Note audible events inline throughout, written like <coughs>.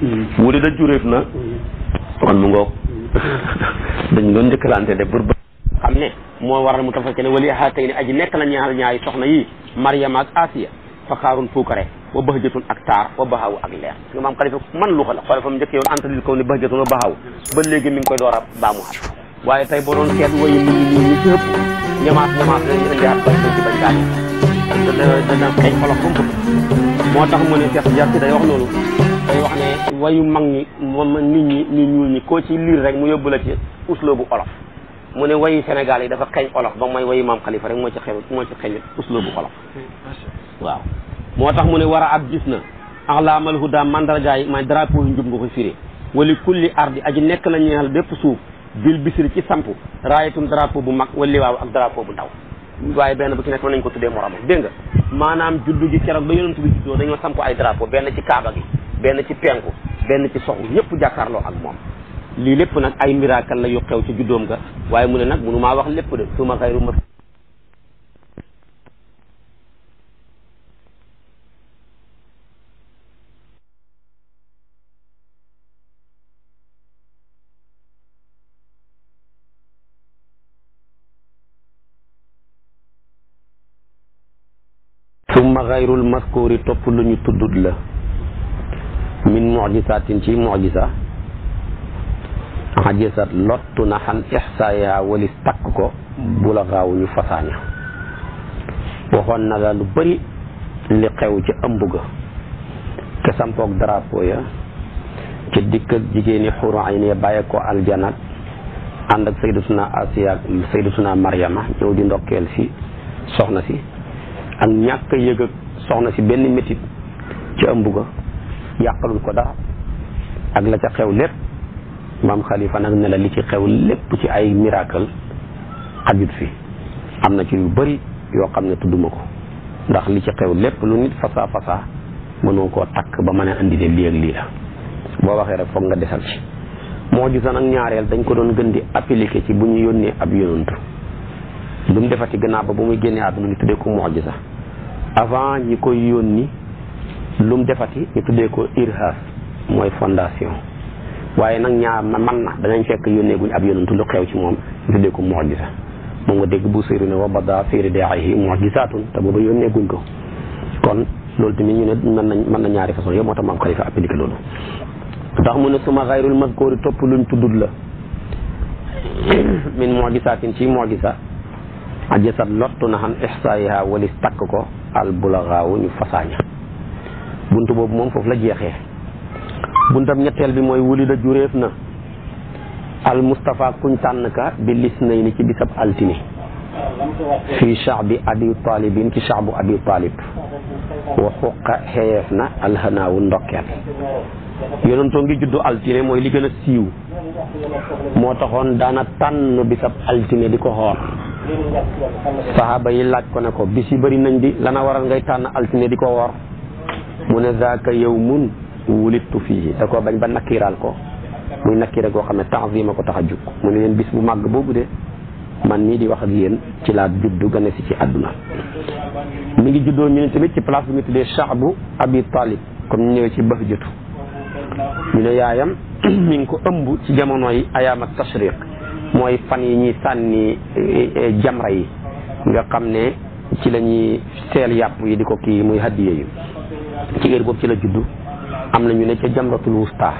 bu mm-hmm. dee da juréef na mm-hmm. kon mu ngoog <laughs> dañ doon njëkkalante de pour xam ne moo waral mu tafa ke ne wali ahaa tey ne aji nekk la ñaar ñaari soxna yi mariama ak asiya fakaarun puukare wa bahjatun ak taar wa baxaw ak leer nga maam xalifa man lu xala xoola fa mu njëkk yoon anta lil kaw ne bahjatun wa baxaw ba léegi mi ngi koy door a baamuwaat waaye tey boo doon seet wayu mu ñu ñu ci ëpp moo tax mu ne Cheikh Diar si day wax loolu wax ne wayu mag ñi moom nit ñi ñu ñuul ko ci liir rek mu yóbbu la ci usloo bu olof mu ne wayu Sénégal yi dafa xeeñ olof ba mooy wayu maam Khalifa rek moo ci xew moo ci xeeñ usloo bu olof hmm, waaw moo tax mu ne war a ab gis na alaamal huda mandargaay may drapeau yu njub nga ko firi wali kulli ardi aji nekk la ñeexal bépp suuf bil bisiri ci samp raayatun drapeau bu mag wali waaw ak drapeau bu ndaw waaye benn bu ci nekk mën nañu ko tuddee moromam dégg nga maanaam juddu gi keroog ba yonent bi juddoo dañoo ay drapeau benn ci kaaba gi benn ci penku benn ci soxu yépp jàkkaarloo ak moom lii lépp nag ay miracle la yu xew ci juddóom ga waaye mu ne nag munu maa wax lépp de suma xayru ma summa xayrul maskuuri topp lu ñu tuddut la min mujisaatin ci mujisa ajisat lottu na xan ixsaayaa walis takk ko bu la gaaw fasaaña waxoon na la lu bari li xew ci ëmb ga ke sampoog drapeau ya ci dikk ak jigéeni xuru ayn ya bàyyi ko aljanat ànd ak sayyidatuna Asiya ak sayyidatuna Maryama ñëw di ndokkeel si soxna si ak ñàkk yëg ak soxna si benn métit ci ëmb ga yàqalul ko dara ak la ca xew lépp maam xalifa nag ne la li ci xew lépp ci ay miracle xajut fi am na ci lu bari yoo xam ne tudduma ko ndax li ci xew lépp lu nit fasaa fasaa mënoo koo takk ba mën a andi de lii ak lii la boo waxee rek foog nga desal ci moo ju sa nag ñaareel dañ ko doon gën di appliqué ci bu ñu yónnee ab yonantu lu mu defati gannaaw ba bu muy génnee àdduna ñu de ko moo ju sa avant ñi koy yónni lu mu defati ñu tuddee ko irhas mooy fondation waaye nag ñaar na man na danañ fekk yónneeguñ ab yonantu lu xew ci moom ñu tuddee ko mojisa moom nga dégg bu séeru ne wa bada séeri deayi mojisaatun te booba yónneeguñ ko kon loolu tamit ñu ne mën nañ mën na ñaari façon yëpp moo tax maam xalifa appliqué loolu ndax mu ne suma xayrul mazkoori topp luñ tuddut la moo min mojisaatin ci mojisa ajasat lottu na xan ixsaayiha walis takk ko al bulagaawu ñu fasaaña bunt boobu moom foofu la jeexee buntam ñetteel bi mooy wulida jureef na al mustafa kuñ tànn bi lis nay ni ci bisab altini fii shaabi abi taalibin ci shaabu abi taalib wa xuqa na alhanaawu ndokkeel yonentoo ngi juddu altine mooy li gën a siiw moo taxoon daana tànn bisab altine di ko xoor saxaaba yi laaj ko ne ko bis yi bëri nañ di lana waral ngay tànn altine di ko woor mu ne zaaka yawmun wulittu fihi da ko bañ ba nakkiiraal ko muy nakkiira goo xam ne ta'zima ko tax a jug mu ne leen bis bu màgg boobu de man nii di wax ak yéen ci laa juddu gane si ci àdduna mi ngi juddoo ñu ne tamit ci place bu ñu tuddee sha'bu abi comme ñu ñëwee ci bëx jotu ñu ne yaayam <clears throat> mi ngi ko ëmb ci jamonoy ayaam ak tashriq mooy fan yi ñuy sànni eh, eh, jamra yi nga xam ne ci lañuy ñuy seel yàpp yi di ko kii muy hadiye yi ci heure boobu ci la juddu am na ñu ne ca jamratul wusta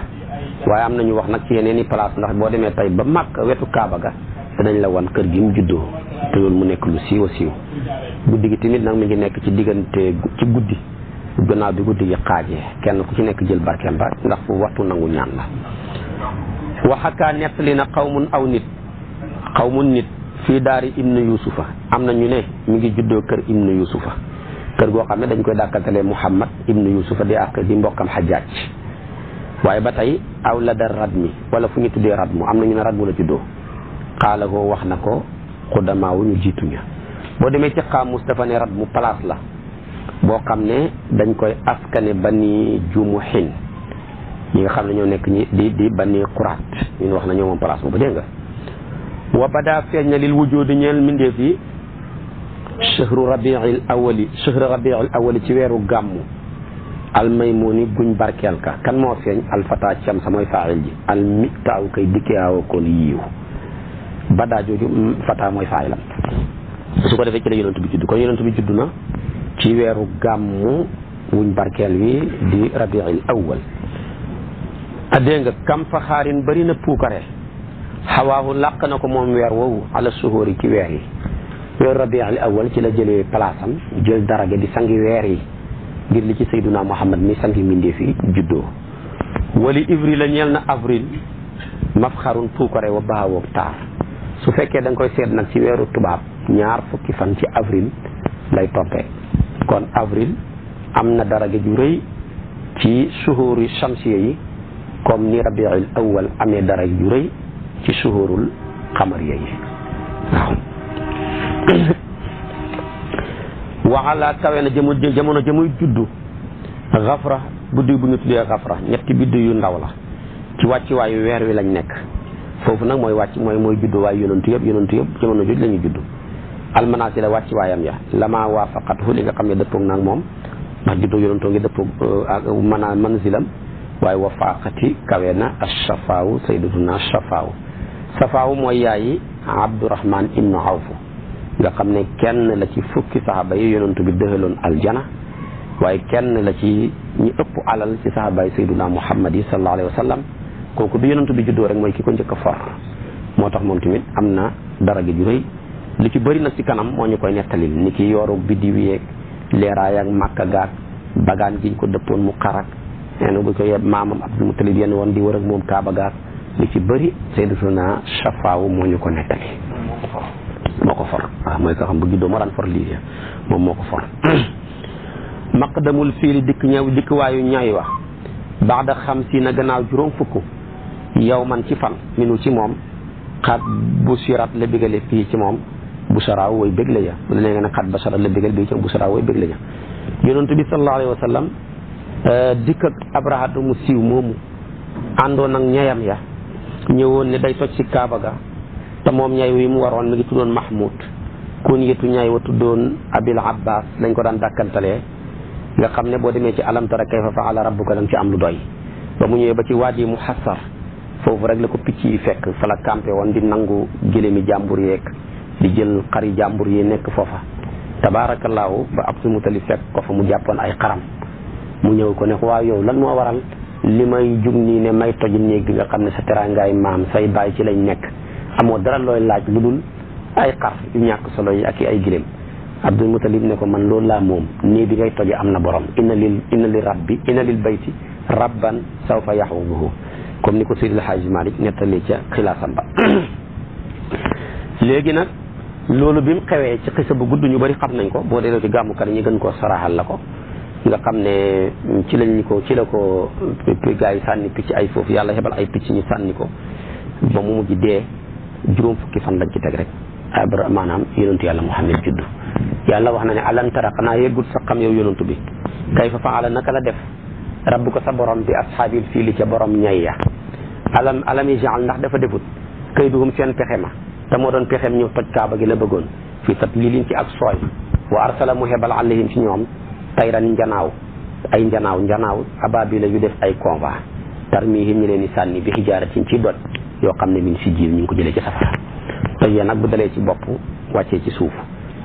waaye am na ñu wax nag ci yeneen i place ndax boo demee tey ba màkk wetu Kaaba ga dañ la wan kër gi mu juddoo te loolu mu nekk lu siiw a siiw guddi gi tamit nag mi ngi nekk ci diggante ci guddi gannaaw bi guddi gi xaajee kenn ku ci nekk jël barkeem ba ndax fu waxtu nangu ñaan la waxakaa nettali na xaw xawmun aw nit xaw xawmun nit fii daari ibnu yusufa am na ñu ne mu ngi juddoo kër ibnu yusufa kër goo xam ne dañ koy dàkkantalee Muhammad ibnu Yusufa di àq di mbokkam xajaaj waaye ba tey aw la da mi wala fu ñu tuddee radmu am na ñu ne radmu la juddoo xaala ko wax na ko xudamaa wu ñu jiituñu boo demee ci xaam Mustafa ne mu place la boo xam ne dañ koy askane bani jumuhin ñi nga xam ne ñoo nekk ñi di di bani quraat ñun wax na ñoo moom boobu dégg nga wa bada feeñ na lil wujoodi ñeel mbindeef yi ci weeru gàmmu almaymuni guñ ka kan mooy faayil ji almitaaw mm, mooy faayilam su ko defee ci la yonent bi judd kon yonent bi judd na ci weeru gàmmu wuñ barkeel wi di rabiil awal a dégg kam fa xaarin bëri na puukare xawaahu làq na ko moom weer woowu ala suhóori ci weer yi weeru rabi al ci la jëlee place jël daraja di sangi weer yi ngir li ci sayduna muhammad ni sangi mbindeef yi juddoo wali ivril la ñeel na avril mafxarun puukare wa baawoog taar su fekkee da koy seet nag ci weeru tubaab ñaar fukki fan ci avril lay toppee kon avril am na daraja ju rëy ci suhuuri shamsiya yi comme ni rabiul awal amee daraja ju rëy ci suhuurul xamariya yi waaw <coughs> waxalaa kawe na jamono jamono jamuy juddu xafra guddi bu ñu tuddee xafra ñetti biddi yu ndaw la ci wàccuwaayu weer wi lañ nekk foofu nag mooy wàcc mooy mooy juddu waayu yonantu yëpp yonantu yëpp jamono joj la ñuy juddu la wàcc ya lama li nga xam ne dëppoog nag moom ndax juddu yonantoo ngi dëppoog euh, mana manzilam waaye wafaaqati kawe na ashafaawu sayyidatuna ashafaawu safaawu mooy yaayi abdurahman ibnu awfu nga xam ne kenn la ci fukki saxaaba yi yonantu bi dëhaloon aljana waaye kenn la ci ñu ëpp alal ci saxaabaay sayduna muhammad yi sallallahu alayhi wa sallam kooku bi yonantu bi juddoo rek mooy ki ko njëkk moo tax moom tamit am na dara ju rëy li ci bëri nag ci kanam moo ñu koy nettalil ni ki yoorug biddiw yeeg leeraay ak màkka gaag bagaan giñ ko dëppoon mu xarak nen gu ko yeb maamam abdul mutalib yenn woon di wër ak moom kaaba gaag li ci bëri sayyidatuna safaawu moo ñu ko nettali moo ko for waaw mooy koo xam bu juddoo moo daan for lii moom moo ko for <coughs> maqdamul fiili dikk ñëw dikkwaayu ñooy wax baxda xam si na gannaaw juróom fukk yow man ci fan minu ci moom xat bu sirat la bigale fii ci moom bu saraaw way bég la ja la xat ba sarat la bigal bii ci moom bu saraaw way bég la ja yonentu bi sallallahu alayhi euh, dikk ak abrahatu mu siiw moomu àndoon ak ñayam ya ñëwoon ne day toj ci kaaba ga te moom ñay wi mu waroon mi ngi tuddoon Mahmoud kun yetu ñay wa tuddoon Abil Abbas lañ ko daan dàkkantalee nga xam ne boo demee ci alam tara kayfa faala rabbuka da nga ci am lu doy ba mu ñëwee ba ci waadi muhassar foofu rek la ko picc yi fekk fa la campé woon di nangu gëléemi jàmbur yeeg di jël xari jàmbur yi nekk foofa tabaarakallaahu ba Abdul Mutalib fekk ko fa mu jàppoon ay xaram mu ñëw ko ne waaw yow lan moo waral li may jug nii ne may toj néeg nga xam ne sa teraangaay maam say baay ci lañ nekk amoo dara looy laaj lu dul ay xar yu ñàkk solo yi ak ay giléem abdul mutalib ne ko man loolu laa moom nii bi ngay toje am na borom inna lil inna lil rabbi inna lil bayti rabban sawfa yaxubuhu comme ni ko Seydil Hadji Malick nettali ca xilaasam ba <coughs> léegi nag loolu bi mu xewee ci xisa bu gudd ñu bari xam nañ ko boo delloo ci gàmmukat ñi gën koo saraxal la ko nga xam ne ci lañ ko ci la ko gaa yi sànni picc ay foofu yàlla hebal ay picc ñu sànni ko ba mu mujj juróom fukki fan lañ ci teg rek abra maanaam yonentu yàlla Muhammad judd yàlla wax na ne alam tara xanaa yëggut sa xam yow yonentu bi kay fa faala naka la def ko sa borom bi ashaabil fiili ca borom ñay ya alam alam yajal ndax dafa defut kayduhum seen pexe ma te moo doon pexem ñëw toj kaaba gi la bëggoon fii tadlilin ci ak sooy wa arsala mu hebal alayhim ci ñoom tayran njanaaw ay njanaaw njanaaw la yu def ay conva tarmihim ñu leen di sànni bi xijaaratin ci doj yoo xam ne min si jiir ñu ngi ko jëlee ci safara toj nag bu dalee ci bopp wàccee ci suuf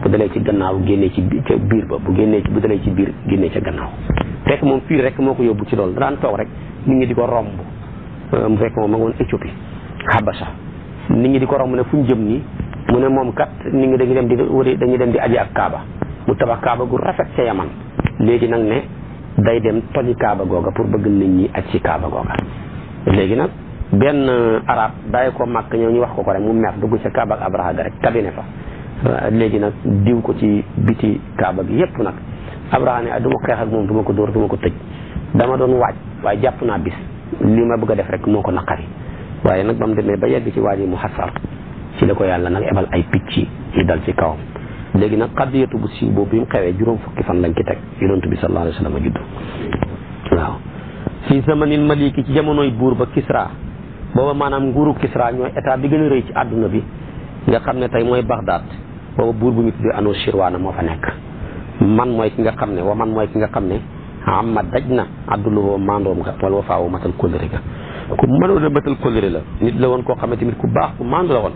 bu dalee ci gannaaw génnee ci ca biir ba bu génnee ci bu dalee ci biir génnee ca gannaaw fekk moom fii rek moo ko yóbbu ci loolu daan toog rek nit ñi di ko romb mu fekk moom ma nga woon Éthiopie Habasha nit ñi di ko romb ne fu ñu jëm nii mu ne moom kat nit ñi dañuy dem di wëri dañuy dem di aji ak Kaaba mu tabax Kaaba gu rafet léegi nag ne day dem toji kaaba googa pour bëgg nit ñi aj ci kaaba googa léegi nag benn arab daay ko màkk ñëw ñu wax ko ko rek mu mer dugg ca kaaba ak abraha ga rek kabine fa léegi nag diw ko ci biti kaaba gi yépp nag abraha ne ah, du ma xeex ak moom duma ko dóor du ma ko tëj dama doon waaj waaye jàpp naa bis li ma bëgg a def rek moo ko naqari waaye nag ba mu demee ba yegg ci waaj mu xasar ci la ko yàlla nag ebal ay picc yi dal ci kawam léegi nag xadiyatu bu siiw boobu bi mu xewee juróom fukki fan lañ ci teg yonent bi sallallahu alayhi wa sallam juddu waaw fii zamanil maliki ci jamonoy buur ba Kisra booba maanaam nguuru Kisra ñooy état bi gën a rëy ci àdduna bi nga xam ne tey mooy Bagdad booba buur bu ñu tuddee Anushirwaana moo fa nekk man mooy ki xam ne man mooy ki nga xam ne am ma daj na àdduloo mandoom nga wala wafaawu matal kóllëre ga ku mënoon a matal la nit la woon koo xam ne tamit ku ku mandu woon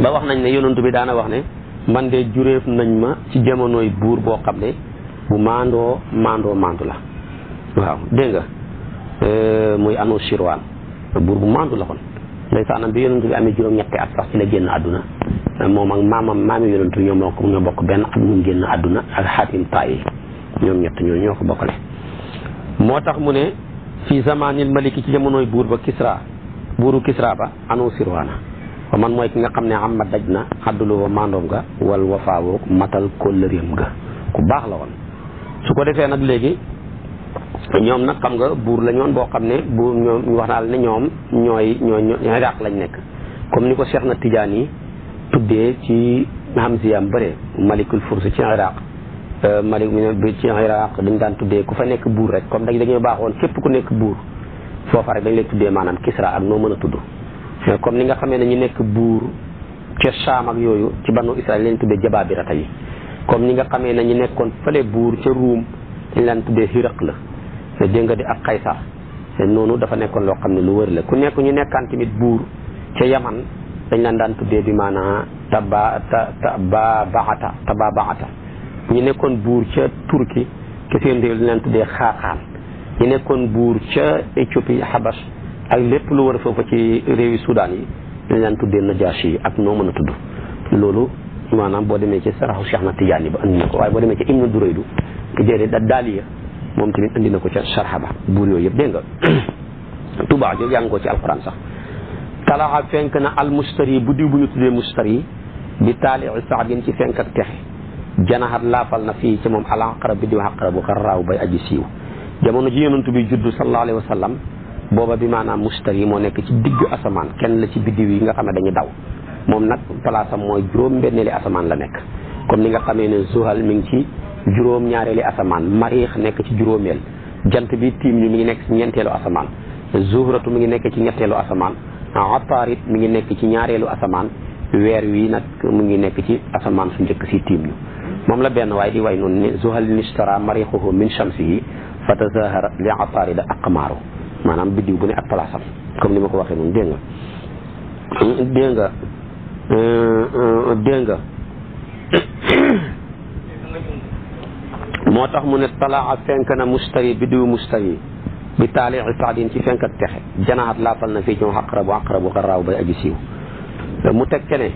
wax nañ ne yonent bi daana wax ne man de juréef nañ ma ci jamonoy buur boo xam ne bu maandoo maandoo maandu la waaw dégg nga euh, muy anu sirwaan buur bu maandu la kon ndeysaanam bi yonent bi amee juróom-ñetti at sax ci la génn àdduna moom ak maamam maami yonent bi ñoom bokk ñoo bokk benn at mu génn àdduna ak xaatim tayi ñoom ñett ñoo ñoo ko bokkale moo tax mu ne fii zamaanil maliki ci jamonoy buur ba Kisra buuru Kisra ba anu sirwaana wa man mooy ki nga xam ne am ma daj na xaddulu wa mandoom ga wal wafaawu matal kóllëreem ga ku baax la woon su ko defee nag léegi ñoom nag xam nga buur la ñoon boo xam ne buur ñoom wax naa la ne ñoom ñooy ñooy Iraq lañ nekk comme ni ko seex na tijaan yi tuddee ci xam hamsiyam bëre malikul furs ci Iraq euh, malik bi ci Iraq dañ daan tuddee ku fa nekk buur rek comme dañ dañoo baaxoon képp ku nekk buur foofa rek dañ lay tuddee maanaam Kisra ak noo mën a tudd comme ni nga xamee ne ñu nekk buur ca Saam ak yooyu ci banu Israël leen tuddee jabaabirata yi comme ni nga xamee ne ñu nekkoon fële buur ca Ruum dañ leen tuddee Hiraq la te dégg ak Qaysar te noonu dafa nekkoon loo xam ne lu wër la ku nekk ñu nekkaan tamit buur ca Yaman dañ leen daan tuddee bi maanaa taba taba baxata ñu nekkoon buur ca Turki ca seen réew tuddee Xaaxaan ñu nekkoon buur ca Éthiopie Habas ak lépp lu war a foofa ci réewi Soudan yi dañ daan tuddee najaas yi ak noo mën a tudd loolu maanaam boo demee ci saraxu Cheikh na Tidiane ba andi na ko waaye boo demee ci Ibnu Duraydu déedéet da daaliya moom tamit andi na ko ca sarxa ba buur yooyu yëpp dégg nga <coughs> tubaa jo yaa ngi ko ci alquran sax talaa fenk na almustari bu diw bu ñu tuddee mustari bi taalii saadin ci fenk ak texe janaxat laafal na fii ci moom alaqara bi diw xaqara bu xarraaw bay aji siiw jamono ji yonent bi judd sallallahu alayhi wa sallam booba bi maanaam mustari moo nekk ci diggu asamaan kenn la ci biddiw yi nga xam ne dañuy daw moom nag palaasam mooy juróom-benneeli asamaan la nekk comme ni nga xamee ne Zuhal mi ngi ci juróom-ñaareeli asamaan Mariix nekk ci juróomeel jant bi tiim ñu mi ngi nekk ci ñeenteelu asamaan Zuhratu mi ngi nekk ci ñetteelu asamaan Ataarit mi ngi nekk ci ñaareelu asamaan weer wi nag mu ngi nekk ci asamaan su njëkk si tiim ñu moom la benn waaye di way noonu ne Zuhal nishtara mariixuhu min shamsihi fatazahara li Ataarida maanaam biddiw bu ne ab palaasam comme ni ma ko waxee noonu dégg nga dégg nga dégg nga moo tax mu ne talaa fenk na mustari biddiw mustari bi taalii saadin ci fenk ak texe janaxat laafal na fii ñoom aqrabu aqrabu xaraaw bay aji siiw mu teg ke ne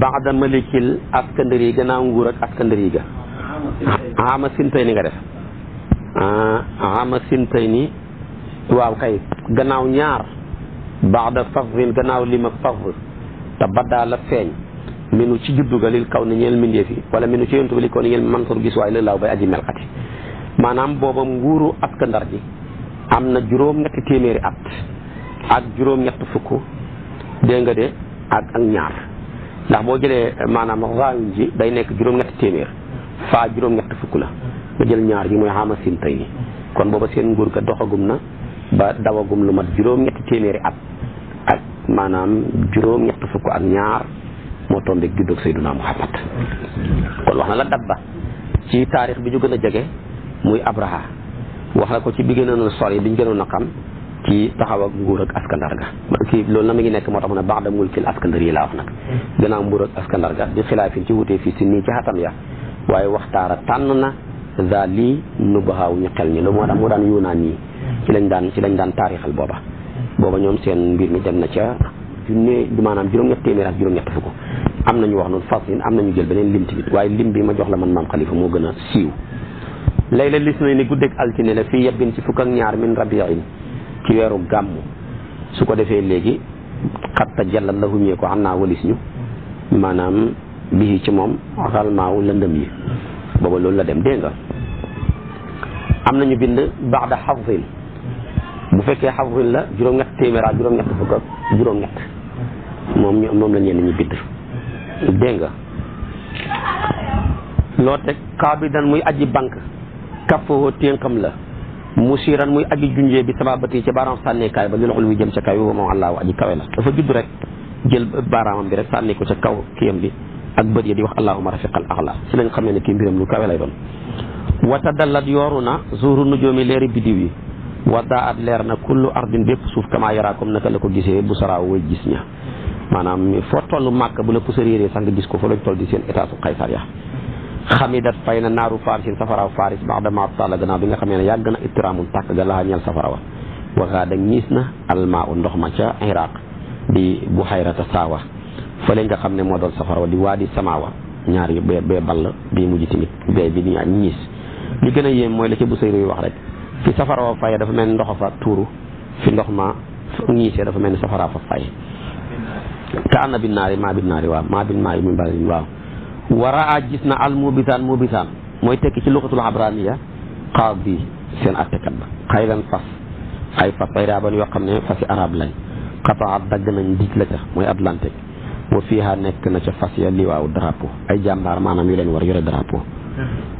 baada malikil askandari ga naa nguur ak askandari ga xaama sintay ni nga def xaama sintay ni waaw kay gannaaw ñaar baax baxda fafrin gannaaw lima fafr te baddaa la feeñ minu ci juddu ga lil kaw ni ñeel mindeef yi wala minu ci yontu bi li kaw ni ñeel mansur gis waaye la laaw bay aji melxati maanaam booba nguuru aska ndar ji am na juróom-ñetti téeméeri at ak juróom-ñett fukk dégg de ak ak ñaar ndax boo jëlee maanaam raayun ji day nekk juróom-ñetti téeméer faa juróom-ñett fukk la nga jël ñaar ji mooy xaama sin tey kon booba seen nguur ga doxagum na ba dawagum lu mat juróom-ñetti téeméeri at ak maanaam juróom-ñett fukk ak ñaar moo tombeeg juddoog Seydunaa Muhammad kon wax na la dat ba ci taarix bi ñu gën a jege muy Abraha wax la ko ci bi gën a sori bi ñu gënoon a xam ci taxaw ak nguur ak askandar ga kii loolu na mi ngi nekk moo tax mu ne baax da mulkil askandar yi laa wax nag gannaaw nguur ak askandar ga bi xilaafin ci wutee fii si nii ci xatam ya waaye waxtaara tànn na za lii nu ñu xel ñi lu moo tax mu daan ci lañ daan ci lañ daan taarixal booba booba ñoom seen mbir mi dem na ca junne maanaam juróom-ñett téeméer ak juróom-ñett fukk am nañu wax noonu faslin am na ñu jël beneen lim tamit waaye lim bi ma jox la man maam xalifa moo gën a siiw lay la lis na ni guddeeg altine la fii yebbin ci fukk ak ñaar min rabiin ci weeru gàmmu su ko defee léegi xatta jàllal la humee ko am naa walis ñu maanaam bii ci moom xalmaaw lëndëm yi booba loolu la dem dégg nga am nañu bind baax bu fekkee xaful la juróom-ñett téeméer ak juróom-ñett fukk ak juróom-ñett moom moom la ñenn ñi bind dégg nga loo teg kaabidan muy aji banque kafoo téenkam la musiran muy aji junjee bi sababati ci baaraam sànneekaay ba li loxol wi jëm ca kaw yi moom allaahu aji kawe la dafa judd rek jël baaraamam bi rek sànni ko ca kaw kiyam bi ak bët ya di wax allahuma rafiqal axla ci lañ xam ne kii mbiram lu kawe lay doon wata dallat yooru na zuuru nujoomi leeri bidiw yi wadda at leer na kullu ardin bépp suuf kamaa yaraakum naka la ko gisee bu saraa way gis ña maanaam foo toll màkk bu la poussière sang gis ko fa lañ toll di seen état su xaysar ya xamidat fay na naaru faarisin safaraaw faaris baxdama taala gannaaw bi nga xamee ne yàgg na ittiraamul tàkk ga laa ñeel safara wa waxaa da ñiis na almaa u ndox ma ca iraq di bu xayrata saawa fële nga xam ne moo doon safara wa di waa di samaawa ñaar yu bee bee ball bii mujj tamit bee bi a yéem mooy la ca bu sëy wax rek fi safara wa faye dafa mel ni ndoxa fa tuuru fi ndox ma ñiisee dafa mel ni safara fa faye ka anna bin naari maa bin naari waaw maa bin maa yi muy barin waaw waraa gis na al mubitaan mubitaan mooy tekki ci luxatul abraniya qaadi seen attekat ba xaylan fas ay fas ay raaban yoo xam ne fasi arab lañ xataat dagg nañ dij la ca mooy atlantique wa fiiha nekk na ca fas ya liwaaw drapeau ay jàmbaar maanaam yu leen war yore drapeau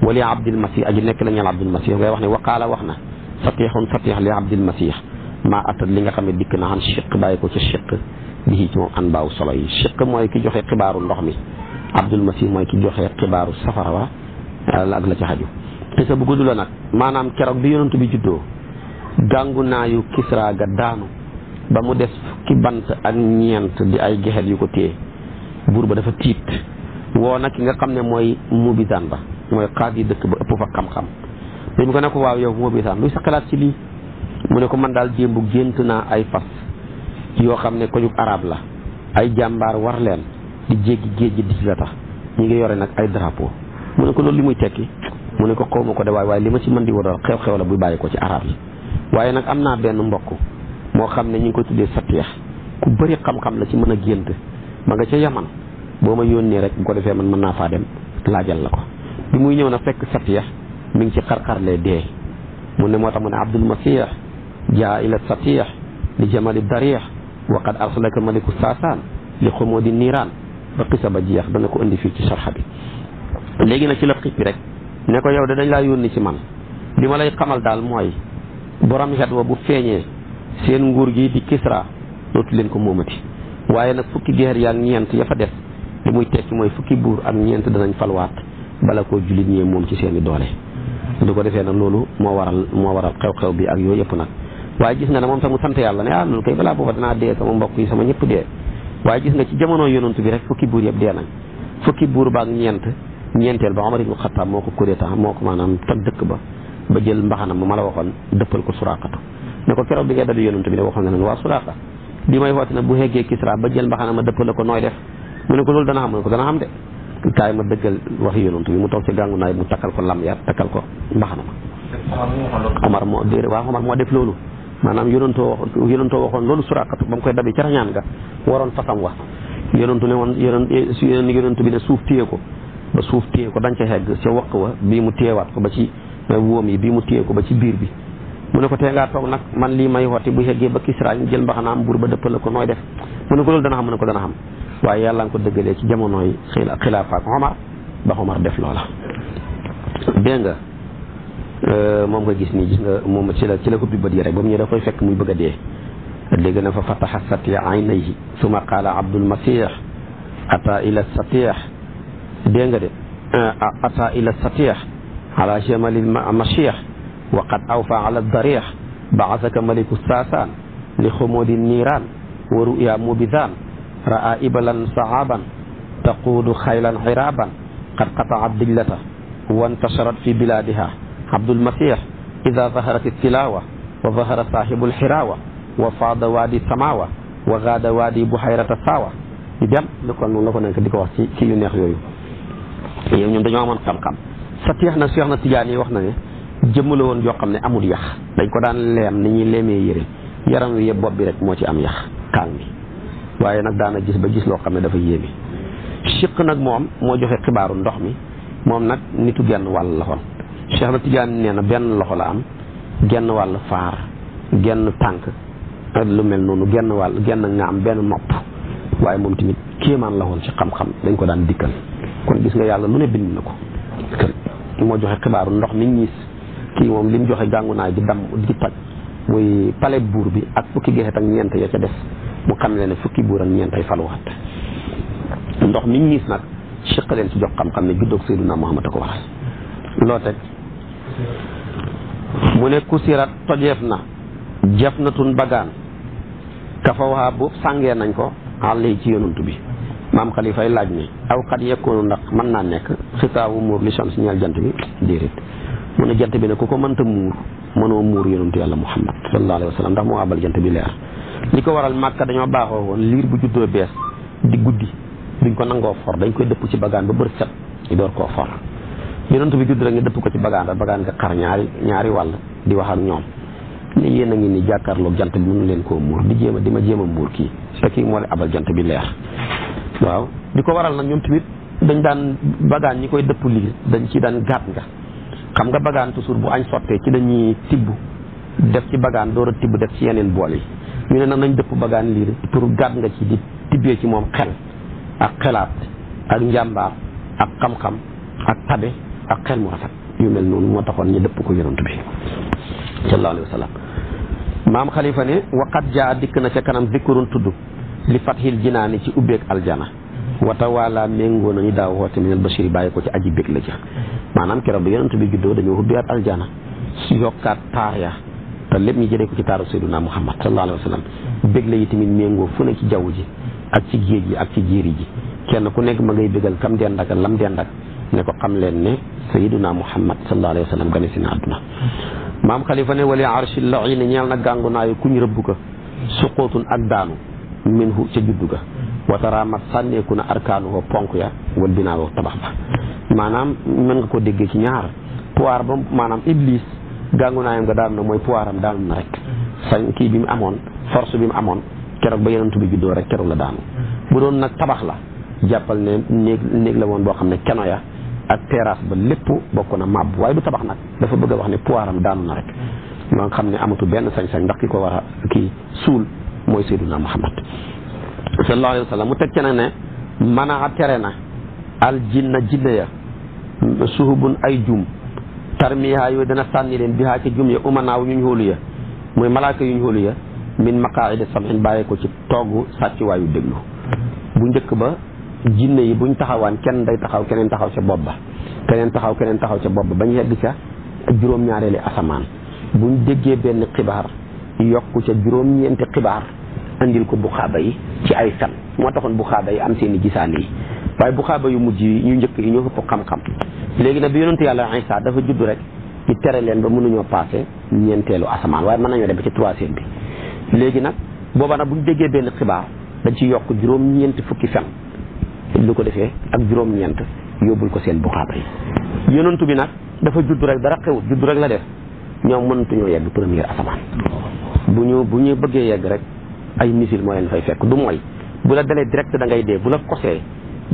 wali abdil masih aji nekk la ñeel abdil masih ngay wax ne waqaala wax na fatixun fatix li abdil masih maa atat li nga xam ne dikk na xam chiq bàyyi ko ci chiq bi ci moom an baaw solo yi chiq mooy ki joxe xibaaru ndox mi abdul masih mooy ki joxe xibaaru safara wa ak la ci xaju xisa bu gudd la nag maanaam keroog bi yonent bi juddoo gàngu naayu kisra ga daanu ba mu def ki bant ak ñeent di ay gexel yu ko téye buur ba dafa tiit woo nag ki nga xam ne mooy mubi daan ba mooy xaadi dëkk ba ëpp fa xam-xam dañ ko ne ko waaw yow moo bisaan luy sa ci lii mu ne ko man daal démb gént naa ay fas yoo xam ne kojug arab la ay jàmbaar war leen di jéggi géej gi di ci la tax ñu ngi yore nag ay drapeau mu ne ko loolu li muy tekki mu ne ko xaw ko de waaye li ma ci mën di waral xew-xew la buy bàyyi ko ci arab yi waaye nag am naa benn mbokk moo xam ne ñu ngi ko tuddee Satiex ku bëri xam-xam la ci mën a gént ma nga ca yaman boo ma yónnee rek bu ko defee man mën naa faa dem laajal la ko li muy ñëw na fekk satiya mi ngi ci xarxarlee dee mu ne moo tax mu ne abdul masih jaa ila satih li jamali darih wa qad arsalaka maliku saasaan li xumoo di niiraan ba xisa ba jeex dana ko indi fii ci sarxa bi léegi nag ci la xippi rek ne ko yow de dañ laa yónni ci man li ma lay xamal daal mooy borom xet wa bu feeñee seen nguur gi di kisra dootu leen ko moomati waaye nag fukki geer yaa ñeent ya fa des li muy tekki mooy fukki buur ak ñeent danañ falwaat bala koo jullit ñee moom ci seeni doole du ko defee nag loolu moo waral moo waral xew-xew bi ak yooyu yëpp nag waaye gis nga ne moom tam mu sant yàlla ne ah loolu kay balaa booba danaa dee sama mbokk yi sama ñëpp dee waaye gis nga ci jamono yonantu bi rek fukki buur yëpp dee nañ fukki buur baak ñeent ñeenteel ba Omar ibnu Xattaab moo ko kuréeta moo ko maanaam toj dëkk ba ba jël mbaxanam ma ma la waxoon dëppal ko suraaqatu ne ko keroog bi ngay dalu yonantu bi ne waxoon na leen waa suraaqa bi may woote na bu heggee Kisra ba jël mbaxanam ma dëppal ko nooy def mu ne loolu dana xam mu ne ko kaay ma dëggal wax yonent bi mu toog ci gàngu naay mu takkal ko lam ya takkal ko mbaxana ma Omar moo déedéet waa Omar moo def loolu maanaam yonentoo yonentoo waxoon loolu suraqatu ba mu koy dabi ca rañaan ga waroon fasam wax yonentu ne woon yonent yonentu bi ne suuf téye ko ba suuf téye ko dañ ca xegg ca waq wa bii mu téyewaat ko ba ci wóom yi bii mu téye ko ba ci biir bi mu ne ko tee ngaa toog nag man lii may xotti bu xeggee ba kisraa ñu jël mbaxanaam buur ba dëppal la ko nooy def ko dana xam ko dana xam waaye yàlla nga ko dëggalee ci jamonoy xilaafa ak Omar ba Omar def loola dégg nga euh, moom nga gis nii gis nga moom ci la ci la ubbi bët yi rek ba mu ñëw da koy fekk muy bëgg a dee dégg na fa fataxa satiix aynayhi suma qaala abdul masiix ata ila satiix dégg nga de ah, ata ila satiix ala jamalil mashiix wa qad awfa ala dariix baasaka maliku saasaan li xumuudi niiraan wa ruya mubidaan ra'a ibalan sahaban taquudu xaylan xiraaban qad qataat dijlata wa intasharat fi biladiha abdulmasih ida zaharat altilawa wa zahara sahibu alxirawa wa faada waadi samawa wa gaada waadi buhayrata sawa di dem lu ko noonu la ko nekk di ko wax ci ci yu neex yooyu yow ñoom dañoo amoon xam-xam sa teex na seex na tijaan yi wax na ne jëmm la woon yoo xam ne amul yax dañ ko daan leem ni ñuy leemee yére yaram wi yëpp bopp bi rek moo ci am yax kàng bi waaye nag daana gis ba gis loo xam ne dafa yéeme Cheikh nag moom moo joxe xibaaru ndox mi moom nag nitu genn wàll la xoon Cheikh Ahmad nee na benn loxo la am genn wàll faar genn tànk lu mel noonu genn wàll genn nga am benn nopp waaye moom tamit kéemaan la woon ci xam-xam dañ ko daan dikkal kon gis nga yàlla lu ne bind na ko moo joxe xibaaru ndox mi ñiis kii moom li joxe gàngunaay di damm di toj muy palais buur bi ak fukki geexet ak ñeent ya ca des mu xam ne ne fukki buur ak ñeentay faluwaat ndox mi niis nag siq leen ci jox xam-xam ne juddoog Seydunaa Muhammad a ko waral loo teg mu ne kusirat tojeef na jaf natun bagaan kafa waxaa bu sàngee nañ ko àll yi ci yonantu bi maam xalifay laaj ne aw xat yekkoonu ndax mën naa nekk xitaawu muur li shams ñaal jant bi déedéet mu ne jant bi ne ku ko mënta muur mënoo muur yonantu yàlla muhammad sallallahu alayhi wa sallam ndax moo abal jant bi leer li ko waral màkka dañoo baaxoo woon liir bu juddoo bees di guddi duñ ko nangoo for dañ koy dëpp ci bagaan ba bër set ñu door koo for yonent bi judd rek nga dëpp ko ci bagaan ba bagaan nga ñaari ñaari wàll di wax ak ñoom ne yéen a ngi ni jàkkaarloog jant bi mënu leen koo muur di jéem a ma jéem a muur kii te kii moo abal jant bi leer waaw di ko waral nag ñoom tamit dañ daan bagaan ñi koy dëpp lii dañ ci daan gaat nga xam nga bagaan toujours bu añ sottee ci dañuy tibb def ci bagaan door a tibb def ci yeneen bool yi ñu ne nag nañ dëpp bagaan lii de pour gàtt nga ci di tibbee ci moom xel ak xelaat ak njàmbaar ak xam-xam ak tabe ak xel mu rafet yu mel noonu moo taxoon ñu dëpp ko yonent bi maam xalifa ne waqat jaa dikk na ca kanam zikkurun tudd li fathil jinaani ci ubbeeg aljana wata waalaa méngoo nañu daaw woote minal bashiri bàyyi ko ci aji bég la ja maanaam keroog bi yonent bi juddoo dañoo ubbiwaat aljana yokkaat ya te lépp ñu jëlee ko ci taaru sayyiduna muhammad sallallahu alayhi wa sallam bég la yi tamit méngoo fu ne ci jaww ji ak ci géej gi ak ci jéeri ji kenn ku nekk ma ngay bégal kam dend ak lam dend ak ne ko xam leen ne sayyiduna muhammad sallallahu alayhi wa sallam gane si na àdduna maam xalifa ne wali arshi laine ñeel na gàngu naayu kuñ rëbb ka suqootun ak daanu minhu ca juddu ga wataraamat sànneeku na arkaanu ko ponk ya wal wa tabax ba maanaam mën nga ko déggee ci ñaar puwaar ba gàngu naayam nga daanu na mooy pouvoir am daanu na rek sañ kii bi mu amoon force bi mu amoon keroog ba yenantu bi juddoo rek keroog la daanu bu doon nag tabax la jàppal ne néeg néeg la woon boo xam ne keno ya ak terrasse ba lépp bokk na màbb waaye du tabax nag dafa bëgg a wax ne pouvoir daanu na rek ma xam ne amatu benn sañ-sañ ndax ki ko war a kii suul mooy sayyiduna muhammad sallallahu alayhi mu teg ci nag ne manaa tere na al jinna jinne ya suhubun ay jum tarmiha yooyu dana sànni leen bihaa ci jum ya umanaaw yuñ xóolu ya muy malaaka yuñ xóolu ya min maqaa'idi sam'in bàyyee ko ci togg sàccuwaayu déglu bu njëkk ba jinne yi buñ taxawaan kenn day taxaw keneen taxaw ca bopp ba keneen taxaw keneen taxaw ca bopp ba bañ yegg ca juróom-ñaareeli asamaan buñ déggee benn xibaar yokku ca juróom-ñeenti xibaar andil ko bu xaaba yi ci ay san moo taxoon bu xaaba yi am seeni gisaane yi waaye bu xaaba yu mujj yi ñu njëkk yi ñoo ëpp xam-xam léegi nag bi yonentu yàlla Isa dafa judd rek ñu tere leen ba mënuñoo passé ñeenteelu asamaan waaye mën nañoo dem ba ci troisième bi léegi nag booba nag bu ñu déggee benn xibaar dañ ci yokk juróom-ñeent fukki fen lu ko defee ak juróom-ñeent yóbbul ko seen buxaaba yi yonentu bi nag dafa judd rek dara xewut judd rek la def ñoom mënatuñoo yegg premier asamaan bu ñu bu ñu bëggee yegg rek ay missile moo leen fay fekk du mooy bu la dalee direct da dee bu la kosee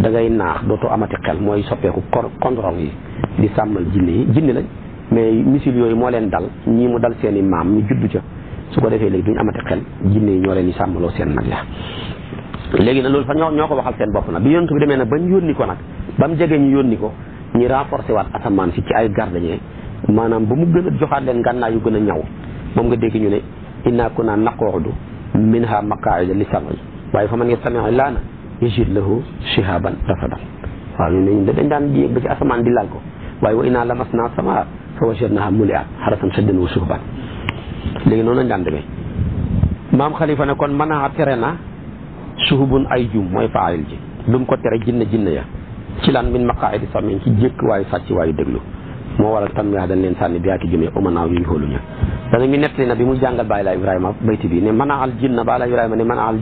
da ngay naax dootoo amati xel mooy soppeeku kondrong yi di sàmmal jinne yi jinne lañ mais misil yooyu moo leen dal ñii mu dal seen i maam ñu juddu ca su ko defee léegi duñu amati xel jinne yi ñoo leen di sàmmaloo seen nag ya léegi na loolu fa ñoo ñoo ko waxal seen bopp nag bi yonent bi demee nag ba ñu yónni ko nag ba mu jege ñu yónni ko ñu renforcé waat asamaan si ci ay gardien maanaam bu mu gën a joxaat leen ngànnaay yu gën a ñaw moom nga dégg ñu ne inna kunna naquudu minha maqaa'ida li sam'i waaye fa man yastami' laana yajid lahu shihaban rafadan waaw ñu ne dañ daan yéeg ba ci asamaan di laal ko waaye wa inaa lamasnaa samaa fa wajadnaahaa muli'at harasan shadiidan wa suhuban léegi noonu lañ daan demee maam xalifa ne kon mën naa tere na suhubun ay jum mooy faayil ji lu ko tere jinne jinne ya ci lan min maqaa'idi samin ci jëkk waayu sàcc waayu déglu moo waral tan yaa leen sànni bi yaa ki jëmee omanaaw yuñ xóoluña dana ñu nettali na bi muy jàngal bàyyi laa ibrahima bayti bi ne mën naa na jinna bàyyi laa ibrahima ne mën naa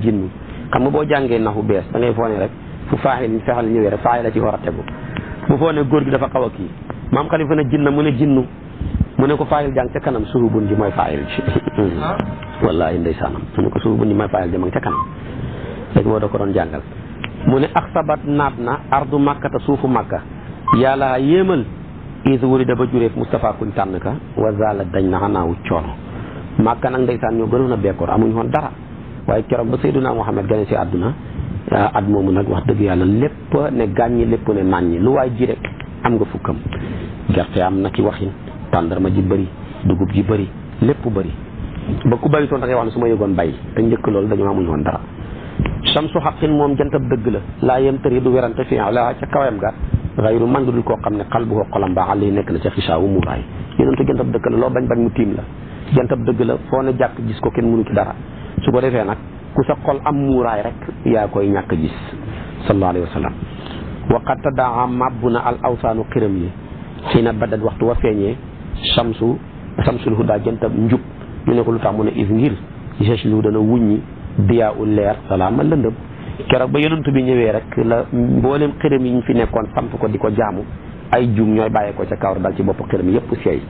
xam nga boo jàngee naxu bees da ngay foone rek fu faaxil fexal ñëwee rek faaxil la ci war a tegu bu foone góor gi dafa xaw a kii maam xalifa ne jinna mu ne jinnu mu ne ko faayil jàng ca kanam suufu bun ji mooy faayil ji <laughs> wallaahi ndeysaanam mu ne ko suufu bun ji mooy faayil ji ma ngi ca kanam léegi boo da ko doon jàngal mu ne ak sabat naat na ardu màkkata suufu màkka yàlla yéemal is wuri da ba jureef Moustapha kuñ tànn ka wa zala dañ na xanaawu coono màkka nag ndeysaan ñoo gënoon a bekkoor amuñ woon dara waaye keroog ba Seydunaa Muhammad gane ci àdduna ah, at moomu nag wax dëgg yàlla lépp ne gàññi lépp ne nàññi lu waaye ji am nga fukkam gerte am na ki waxin tàndarma ji bari dugub ji bari lépp bëri ba ku bayitoon da ngay wax ne su ma yëgoon bay te njëkk loolu dañu amuñu woon dara samsu xaqin moom jantab dëgg la laa yem tëri du werante fi la ca kawayam ga xayru man dul koo xam ne xal bu ko xolam baa àll yi nekk na ca xisaawu muraay yonentu jantab dëgg la loo bañ bañ mu tiim la jantab dëgg la foo ne jàkk gis ko kenn mënu ci dara su ko defee nag ku sa xol am muuraay rek yaa koy ñàkk gis sallallahu alayhi wa sallam waqad tadaa màbbu na al awsaanu xiram yi xiina badat waxtu wa feeñee samsu samsul huda jëntab njub ñu ne ko lu tax mu ne is ngir si lu dana wuññi diyaa u leer salaama lëndëm keroog ba yonantu bi ñëwee rek la mboolem xiram yi ñu fi nekkoon samp ko di ko jaamu ay jug ñooy bàyyee ko ca kawar dal ci bopp xiram yépp seey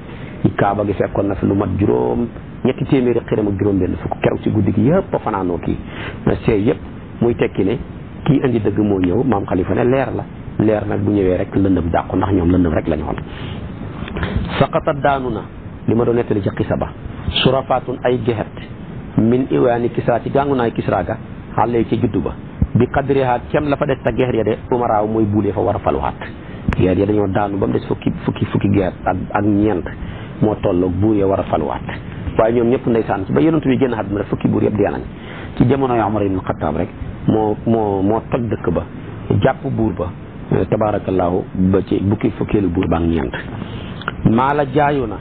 kaaba gi fekkoon na fi lu mat juróom ñetti téeméeri xiram ak juróom-benn fukk keroog ci guddi gi yëpp a fanaanoo kii see yëpp muy tekki ne kii indi dëgg moo ñëw maam xalifa ne leer la leer nag bu ñëwee rek lëndëm dàqu ndax ñoom lëndëm rek lañu ñu xool saqata daanu na li ma doon nettali ci xisa ba surafatun ay gexet min iwaani kisra ci gàngu naay kisra ga xale ci juddu ba bi qadriha kem la fa des ta gexet ya de umaraaw mooy buulee fa war a faluwaat gexet ya dañoo daanu ba mu des fukki fukki fukki ak ak ñeent moo tolloog buur war a waaye ñoom ñëpp ndeysaan ba yonent bi génn àdduna fukki buur yëpp dee nañ ci jamonoy Umar ibn Xattaab rek moo moo moo toj dëkk ba jàpp buur ba tabaarakallaahu ba ci bukki fukkeelu buur ba ak ñeent maa la jaayu na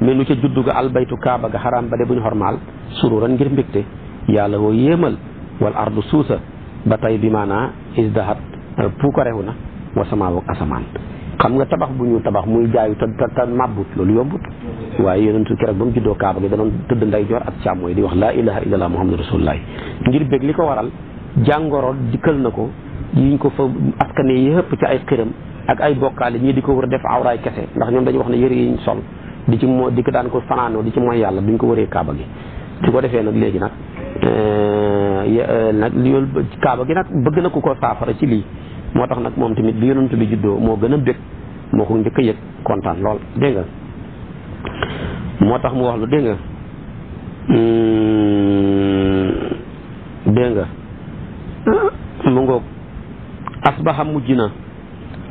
mais nu ca juddu ga albaytu kaaba ga xaraam ba de bu ñu xormaal sururan ngir mbégte yàlla woo yéemal wa ardu suusa ba tey bi maanaa isdahat puukarewu na wa samaaw asamaan xam nga tabax bu ñu tabax muy jaayu a te màbbut loolu yombut waaye yonentu keroog ba mu juddoo kaaba gi danoon tëdd nday joor ak càmmooy di wax laa ilaha illallah muhammadu rasulullah ngir bëgg li ko waral jàngoro dikkal na ko yiñ ko fa askane yëpp ci ay xiram ak ay bokkaale ñii di ko war a def awraay kese ndax ñoom dañu wax na yëre yi ñu sol di ci moo di ko daan ko fanaanoo di ci mooy yàlla duñ ko waree kaaba gi su ko defee nag léegi nag euh, euh, nag loolu kaaba gi nag bëgg na ku ko saafara ci lii moo tax nag moom tamit bi yonent bi juddoo moo gën a bég moo ko njëkk a yëg kontaan lool dégg nga moo tax mu wax lu dégg nga hmm, dégg nga mu ngoog asbaxa mujj na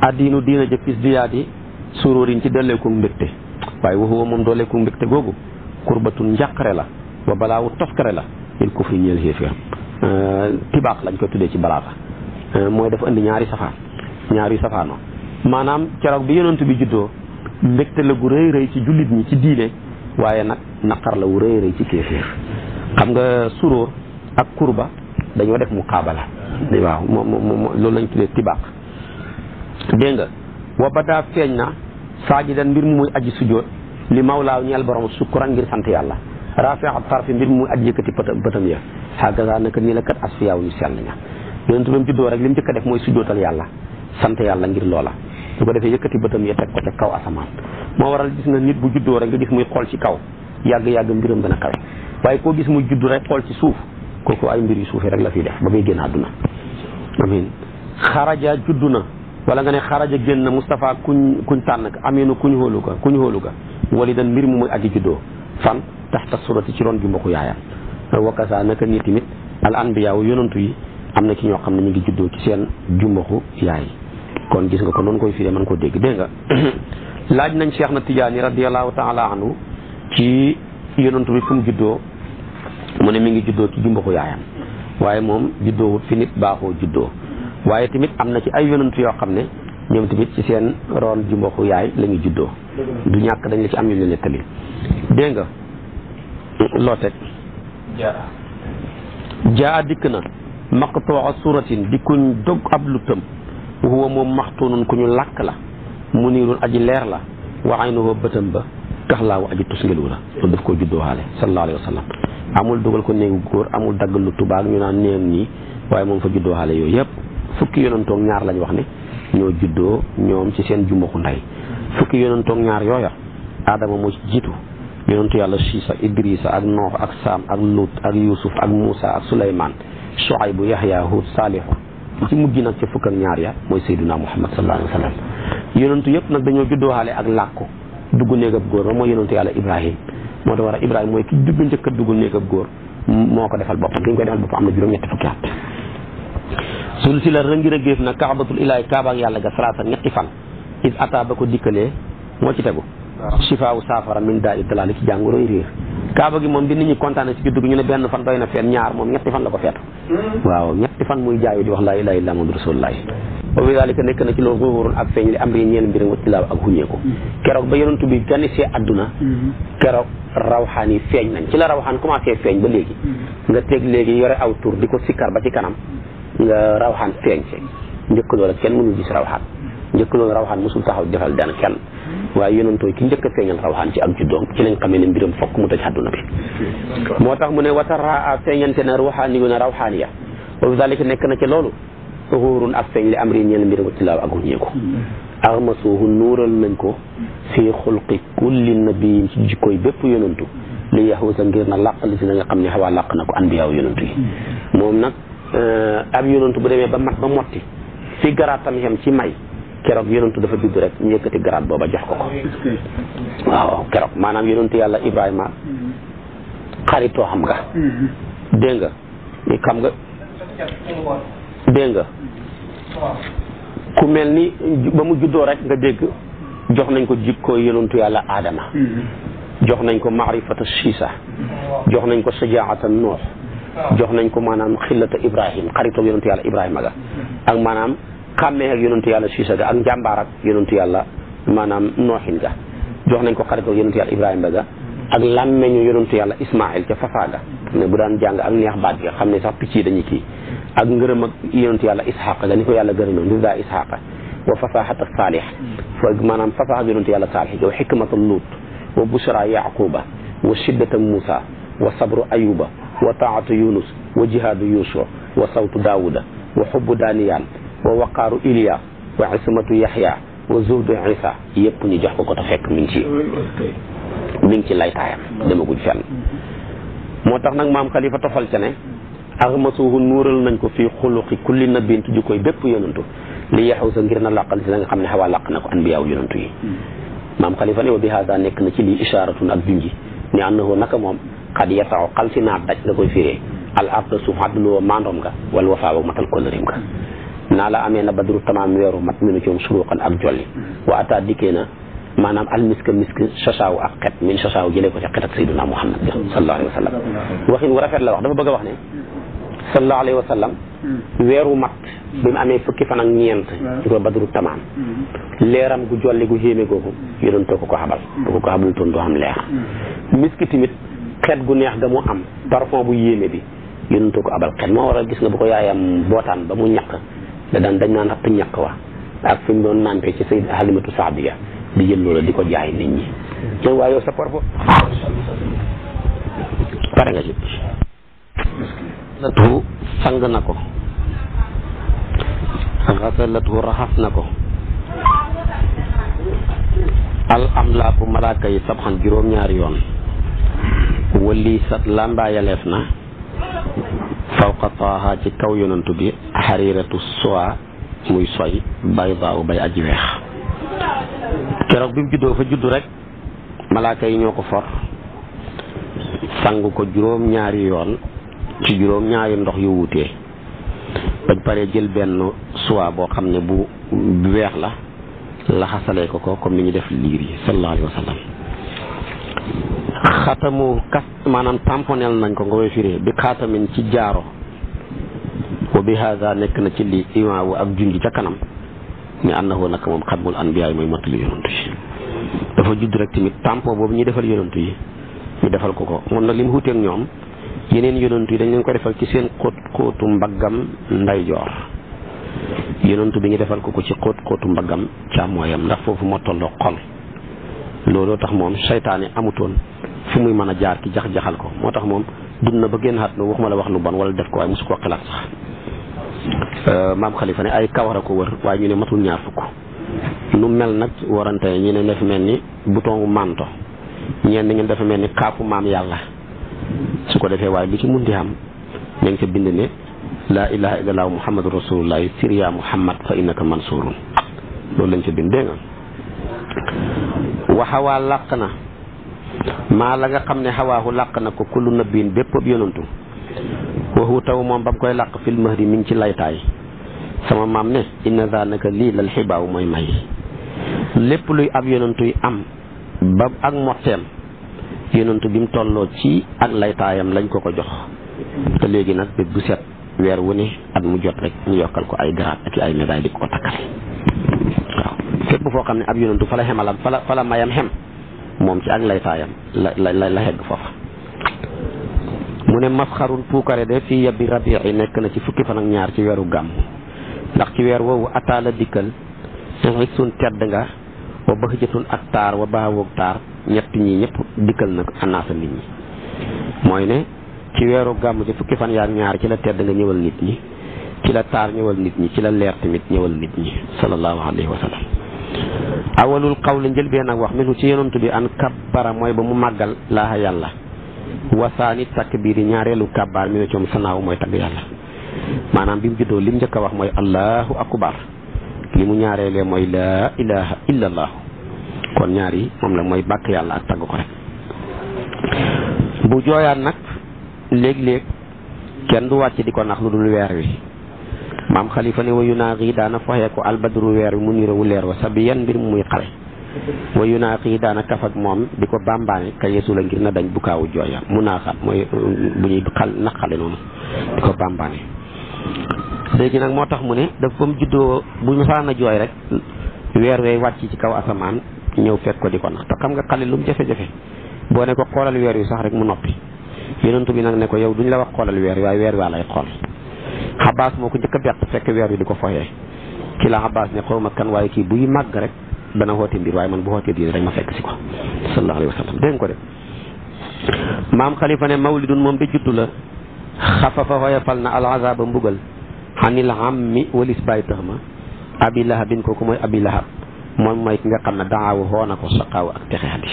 addiinu diina ja fis diyaati suróorin ci dolleeku mbégte waaye waxuwa moom dolleeku mbégte googu kurbatun njaqare la wa balaawu toskare la il tibaax lañ koy tuddee ci balaaxa Euh, mooy dafa indi ñaari safaan ñaari safaanoo maanaam keroog bi yonent bi juddoo mbégte la gu rëy rëy ci jullit ñi ci diine waaye nag naqar la wu rëy rëy ci kéeféer xam nga suróor ak kurba dañoo def mu kaabala waaw moo moo loolu lañ tuddee tibaak dégg nga wa badaa feeñ na saajidan mbir mu muy aji sujjóot li laa mawlaaw ñeel borom sukkuran ngir sant yàlla rafeexat tarfi mbir mu muy aji yëkkati pëtam pëtam ya xaagasaa naka nii la kat asfiyaaw ñu sell ña yonente ba mu juddoo rek li mu njëkk a def mooy sujjootal yàlla sant yàlla ngir loola su ko defee yëkkati bëtam ya teg ko ca kaw asamaan moo waral gis nga nit bu juddoo rek nga gis muy xool ci kaw yàgg-yàgg mbiram gën a kawe waaye koo gis muy judd rek xool ci suuf kooku ay mbir yu suufi rek la fiy def ba muy génn àdduna amin xaraja juddu na wala nga ne xaraja génn na Moustapha kuñ kuñ tànn ka aminu kuñ xóolu ka kuñ xóolu ka wali dan mbir mu muy aji juddoo fan taxta surati ci ron gi mbokku yaayam wakasa naka nii tamit al am na ci ñoo xam ne mu ngi juddoo ci seen jumbaxu yaay kon gis nga ko noonu koy firee mën ko dégg dégg nga <coughs> laaj nañ Cheikh na Tijaani radiallahu taala anhu ci yonantu bi fu juddoo mu ne mi ngi juddoo ci jumbaxu yaayam waaye moom juddoowut fi nit baaxoo juddoo waaye tamit am na ci ay yonantu yoo xam ne ñoom tamit ci seen ron jumbaxu yaay la ñu juddoo du ñàkk dañ la ci am ñu la nettali dégg nga loo teg jaa dikk na maqtuwa suratin di kuñ dog ab luttam huwa moom maxtuunun ku ñu làkk la mu muniirun aji leer la wa aynuhu bëtam ba tax laa wa aji tusngeelu la loolu daf koo juddoowaale sallallahu alayhi wa sallam amul dugal ko néegu góor amul dagg lu tubaab ñu naan néeg nii waaye moom fa juddoowaale yooyu yëpp fukki yonantoog ñaar lañ wax ne ñoo juddoo ñoom ci seen jumbaxu ndey fukki yonantoog ñaar yooya aadama moo ci jiitu yonantu yàlla siisa idrisa ak noox ak ak lut ak yuusuf ak muusa ak Shuaybu Yahya Hud Saalihu ci mujj nag ci fukk ak ñaar ya mooy Seydina Muhammad sallallahu alayhi wa sallam yëpp nag dañoo juddowaale ak làkku dugg néegab góor ba mooy yonentu yàlla Ibrahim moo tax war a Ibrahima mooy ki dugg njëkk a dugg góor moo ko defal boppam ki ñu koy defal boppam am na juróom-ñetti fukki at sul si la rëngi rëggeef nag kaabatul ilaahi kaabaak yàlla ga salaasa ñetti fan it ata ba ko dikkalee moo ci tegu si shifaawu saafara min daa iddalaali ci jàngoroy réer kaaba gi moom bi nit ñi kontaane ci dugg ñu ne benn fan doy na feet ñaar moom ñetti fan la ko feet waaw ñetti fan muy jaayu di wax laa ilaaha illallaah muhammadu rasulullaah wa bi daalika nekk na ci loolu ruuxurun ak feeñ li am ri ñeen mbir wattilaaw ak xuñeeku keroog ba yonent bi gane see àdduna keroog rawxaan yi feeñ nañ ci la rawxaan commencé feeñ ba léegi nga teg léegi yore aw tur di ko sikkar ba ci kanam nga rawxaan feeñ ci njëkk loola kenn mënul gis rawxaan njëkk loolu rawaxaan mosul taxaw defal dana kenn waaye yonantooy ki njëkk a feeñal rawaxaan ci ak juddoom ci lañ xamee ne mbiram fokk mu tëj àdduna bi moo tax mu ne wataraa a feeñante na ruxaani yu na rawaxaan ya wa zalika nekk na ci loolu xuurun ak feeñ li am ri ñeel mbiram tilaaw ak wuññeeku armasuuhu nuural nañ ko fii xulqi kulli nabiyin ci jikkooy bépp yonantu li yaxuusa ngir na làq li si na nga xam ne xawaa làq na ko anbiyaaw yonantu yi moom nag eh, ab yonantu bu demee ba mat ba motti fi garaatam xam ci may keroog yonentu dafa judd rek ñu yëkkati garaat booba jox ko ko waaw keroog maanaam yonentu yàlla Ibrahima xaritoo xam nga dégg nga ni xam nga dégg nga ku mel ni ba mu juddoo rek nga dégg jox nañ ko jikko yonentu yàlla Adama jox nañ ko maarifata siisa jox nañ ko sajaata jox nañ ko maanaam xillata Ibrahim xaritoo yonentu yàlla Ibrahima ga ak maanaam xàmmee ak yonentu yàlla Siisa ga ak njàmbaar ak yonentu yàlla maanaam in ga jox nañ ko xarit ak yonentu yàlla Ibrahima ga ak làmmeñu yonentu yàlla Ismaayil ca Fafaaga ne bu daan jàng ak neex baat ga xam ne sax picc yi kii ak ngërëm ak yonentu yàlla Isxaaqa ga ni ko yàlla gërëma ndi daa Isxaaqa wa fasahat saalih fa maanaam fasaha yonentu yàlla saalih wa xikmata luut wa bushra yaquba wa shiddata Muusa wa sabru ayuba wa taatu yunus wa jihaadu yuusuf wa sawtu daawuda wa xubbu daaniyaan wa waqaaru Iliya wa ismatu Yaxya wa zuhdu Isa yëpp ñu jox ko ko te fekk mi ngi ci mi ngi ci laytaayam demaguñ fenn moo tax nag maam xalifa tofal ca ne axmasuhu nuural nañ ko fi xuluqi kulli nabin ju koy bépp yonantu li yaxaw sa ngir na làqal si la nga xam ne xawaa làq na ko anbiyaaw yonantu yi maam xalifa ne wa bi haada nekk na ci lii isharatun ak junji ne annahu naka moom xad yasaaw xal si naat daj nga koy firee al arda suuf àdduna wa maandoom nga wala wafaa ba naa la amee na badru tamaam weeru mat minu ci moom suruuxan ak jolli wa ataa dikkee na maanaam al misk misk sosaaw ak xet min sosaaw jëlee ko sa xet ak sayyiduna muhammad sallallahu alayhi wa rafet la dafa bëgg a wax ne wa sallam weeru mat bi mu amee fukki fan ak ñeent ci ko badru tamaam leeram gu jolli gu xéeme googu yonentoo ko ko xabal ko ko xabal toon doo am leer misk tamit xet gu neex ga mu am parfum bu yéeme bi yonentoo ko abal xet moo waral gis nga bu ko yaayam bootaan ba mu ñaq da daan dañ naan ëpp ñàkk wa ak fi mu doon nampé ci sayid halimatu saadiya di jël di ko jaay nit ñi te waa yow sa pare nga ci latu sang na ko xasalatu raxas na ko al amlaaku malaaka yi sabxan juróom-ñaari yoon wali sat lambaayaleef na fawqa taaha ci kaw yonantu bi xariiratu suwa muy soy bay baaw bay aji weex keroog bi mu juddoo fa juddu rek malaaka yi ñoo ko for sang ko juróom ñaari yoon ci juróom ñaari ndox yu wuutee bañ paree jël benn suwa boo xam ne bu weex la laxasalee ko ko comme ni ñu def liir yi sallallahu alayhi xatamu kas maanaam tamponel nañ ko nga koy firee bi xaatamin ci jaaro wa bi haada nekk na ci lii imaam ak junj ca kanam mais annahu naka moom xatmul anbiyaay mooy mottali yonantu yi dafa judd rek tamit tampon boobu ñuy defal yonantu yi ñu defal ko ko moom nag li mu ñoom yeneen yonantu yi dañ leen ko defal ci seen xóot xóotu mbaggam ndeyjoor yonantu bi ñu defal ko ko ci xóot xóotu mbaggam càmmooyam ndax foofu moo tolloo xol looloo tax moom seytaane amutoon fu muy mën a jaar ki jax-jaxal ko moo tax moom dund na ba génn xat nu waxuma la wax lu bon wala def ko waaye mosu koo xalaat sax euh, maam xalifa ne ay kawara a ko wër waaye ñu ne matul ñaar fukk nu mel nag warante ñu ne dafa mel ni bouton manto ñeen ñi dafa mel ni kaafu maam yàlla su ko defee waaye lu ci mun di am ña ngi ca bind ne laa ilaha illallah muhammadu rasulullah siriya muhammad fa innaka mansurun loolu lañ ca bind dégg nga wa xawaa na maa la nga xam ne xawaahu làq na ko kullu nabiin bépp yonantu waxu taw moom ba mu koy làq fil mahdi mi ngi ci laytaay sama maam ne inna zanaka lii lal xibaaw mooy may lépp luy ab yonantuy am ba ak motteem yonantu bi mu tolloo ci ak laytaayam lañ ko ko jox te léegi nag bés bu set weer wu ne at mu jot rek ñu yokkal ko ay garaat ak ay médaille di ko takkal fépp foo xam ne ab yonantu fa la xemalam fa la fa mayam xem moom ci ak lay taayam la la la xegg foofa mu ne masxarun puukare de fii yebbi rabii nekk na ci fukki fan ak ñaar ci weeru gàmm ndax ci weer woowu ataala dikkal sun tedd nga wa baxijatun ak taar wa baawoog taar ñett ñi ñëpp dikkal nag anaasa nit ñi mooy ne ci weeru gàmm ci fukki fan yaak ñaar ci la tedd nga ñëwal nit ñi ci la taar ñëwal nit ñi ci la leer tamit ñëwal nit ñi sallallahu alayhi awalul qawli njëlbeen nag wax minu ci yonantu bi an kabbara mooy ba mu màggal laaha yàlla wasaani takbiiri ñaareelu kabbaar minu ci moom sanaaw mooy tagg yàlla maanaam bi mu juddoo lim njëkk a wax mooy allahu akbar li mu ñaareelee mooy laa ilaha illa allah kon ñaar yi moom la mooy bàkk yàlla ak tagg ko rek bu jooyaat nag léeg-léeg kenn du wàcc di ko nax lu dul weer wi maam xalifa ne wayu naa xii daana foxee ko albadru weer wi mu nirowu leer wa sa bi yan mbir mu muy xare wayu naa xii daana kaf ak moom di ko bàmbaane ka yeesu la ngir na dañ bu kaawu jooya mu naaxaat mooy bu ñuy xal naqale noonu nag moo tax mu ne daf comme juddoo bu masaana jooy rek weer weey wàcc ci kaw ñëw fekk ko di ko nax te xam nga xale lu mu jafe-jafe boo ne ko xoolal weer wi sax rek mu noppi yonentu bi nag ne ko yow duñ la wax xoolal weer waaye weer waa lay xool xabaas moo ko njëkk a bett fekk weer wi di ko foyee ci la xabaas ne xaw ma kan waaye kii buy màgg rek dana woote mbir waaye man bu wootee diine rek ma fekk si ko sallallahu alayhi wa dégg ko de maam xalifa ne mawlidun moom de juddu la xafafa xoyafal na alazaba mbugal xanil ammi walis bàyyi tax ma abi lahabin kooku moom mooy ki nga xam ne daawu xoo na ko saqaaw ak texe xadi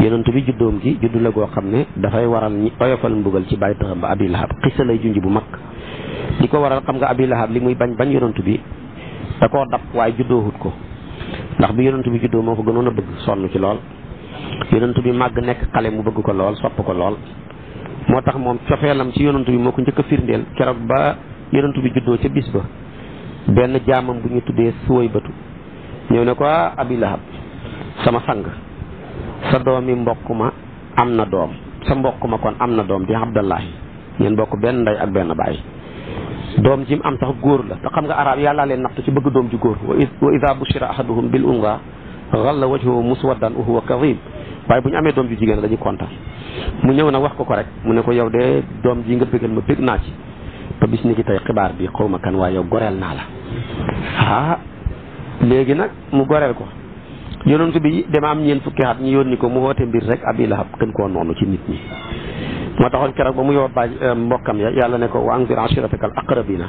yonent bi juddoom gi juddu la goo xam ne dafay waral ñi oyofal mbugal ci bàyyi taxam ba abi lahab xisa lay junj bu mag li ko waral xam nga abi lahab li muy bañ bañ yonantu bi da koo dab waaye juddoohut ko ndax bi yonantu bi juddoo moo ko gënoon a bëgg sonn ci lool yonantu bi màgg nekk xale mu bëgg ko lool sopp ko lool moo tax moom cofeelam ci yonantu bi moo ko njëkk a firndeel keroog ba yonantu bi juddoo ca bis ba benn jaamam bu ñu tuddee suway batu ñëw ne ko ah, abi lahab sama sang sa doomi mbokk ma am na doom sa mbokk ma kon am na doom di abdallahi ngeen bokk benn ndey ak benn baay doom ji mu am sax góor la te xam nga arab yàllaa leen naxtu ci bëgg doom ji góor wa ida bushira ahaduhum bil unga xalla wajhuhu muswaddan wa huwa kadib waaye bu ñu amee doom ju jigéen la dañuy konta mu ñëw nag wax ko ko rek mu ne ko yow de doom ji nga bëggal ma bëgg naa ci te bis ni ki tey xibaar bi xaw ma kan waaye yow goreel naa la ah léegi nag mu goreel ko yonentu bi dama am ñeen fukki at ñu yónni ko mu woote mbir rek abi lahab gën koo noonu ci nit ñi moo taxoon keroog ba muy woo baaj mbokkam ya yàlla ne ko wa anzir ashiratakal aqrabina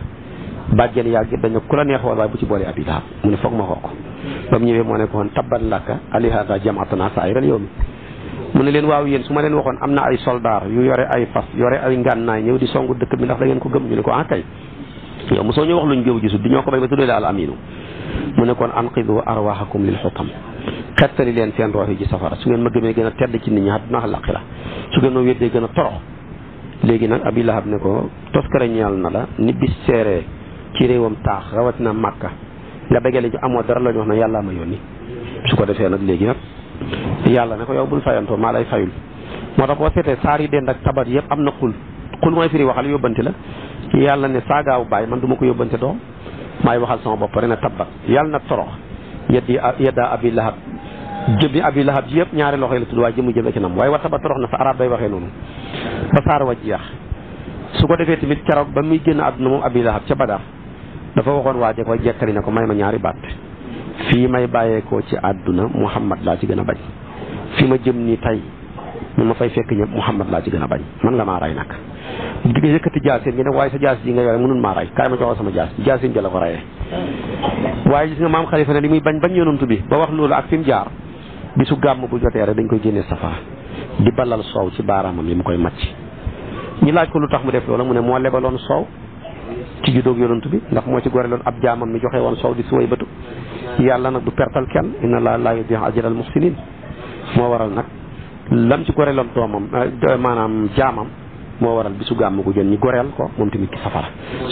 bàjjen yaa gi dañu ku la neex wal waaye bu ci boole Abi Lahab mu ne foog ba mu ñëwee moo ne ko woon tabban laka alihada jamaatana saayiral yow mi mu ne leen waaw yéen su ma leen waxoon am na ay soldaar yu yore ay fas yore ay ngànnaay ñëw di songu dëkk bi ndax da ngeen ko gëm ñu ne ko ah kay yow mosoo ñu wax luñ jëw gisul di ñoo ko bañ ba tuddee daal aminu mu ne kon anqidu arwahakum xettali leen seen roox yi ci safara su ngeen ma gëmee gën a tedd ci nit ñi àdduna ak laqira su ngeen ma weddee gën a torox léegi nag abi lahab ne ko toskare ñaal na la ni bis seeree ci réewam taax rawatina màkka nga begele ju amoo dara la ñu wax ne yàllaa ma yoon yónni su ko defee nag léegi nag yàlla ne ko yow bul fayantoo maa lay fayul moo tax boo setee saar yi dend ak tabat yëpp am na xul xul mooy firi waxal yóbbante la yàlla ne saagaaw baay man du ma ko yóbbante doom maay waxal sama bopp rek ne na torox yeddi yeddaa abi lahab jëmmi abi lahab ji yëpp ñaari loxo yi la tudd waaye jëmu jëmee ci nam waaye warta ba torox na sa arab day waxee noonu ba saar wa su ko defee tamit keroog ba muy génn àdduna moom abi lahab ca badar dafa waxoon waa de koy jekkali ko may ma ñaari baat fii may bàyyeekoo ci àdduna muhammad laa ci gën a bañ ma jëm nii tey ñu ma fay fekk ñëpp muhammad laa ci gën a bañ man nga maa ray nag di nga yëkkati jaaseen gi ne waaye sa jaas yi nga yore mënun maa ray kaay ma joxoo sama jaas jaaseen ja la ko waaye gis nga maam xalifa ne li muy bañ bañ yonantu bi ba wax loolu ak fi mu jaar bisu gàmm bu jotee rek dañ koy génnee safara di balal soow ci baaraamam yi mu koy màcc ñi laaj ko lu tax mu def loolu mu ne moo lebaloon soow ci juddoog yonantu bi ndax moo ci goreloon ab jaamam mu joxe woon soow di suway bëtu yàlla nag du pertal kenn inna laa laa yudi ajral muhsinin moo waral nag lam ci goreloon doomam euh, maanaam jaamam moo waral bisu gàmm gu jën ñi goreel ko moom tamit ci safara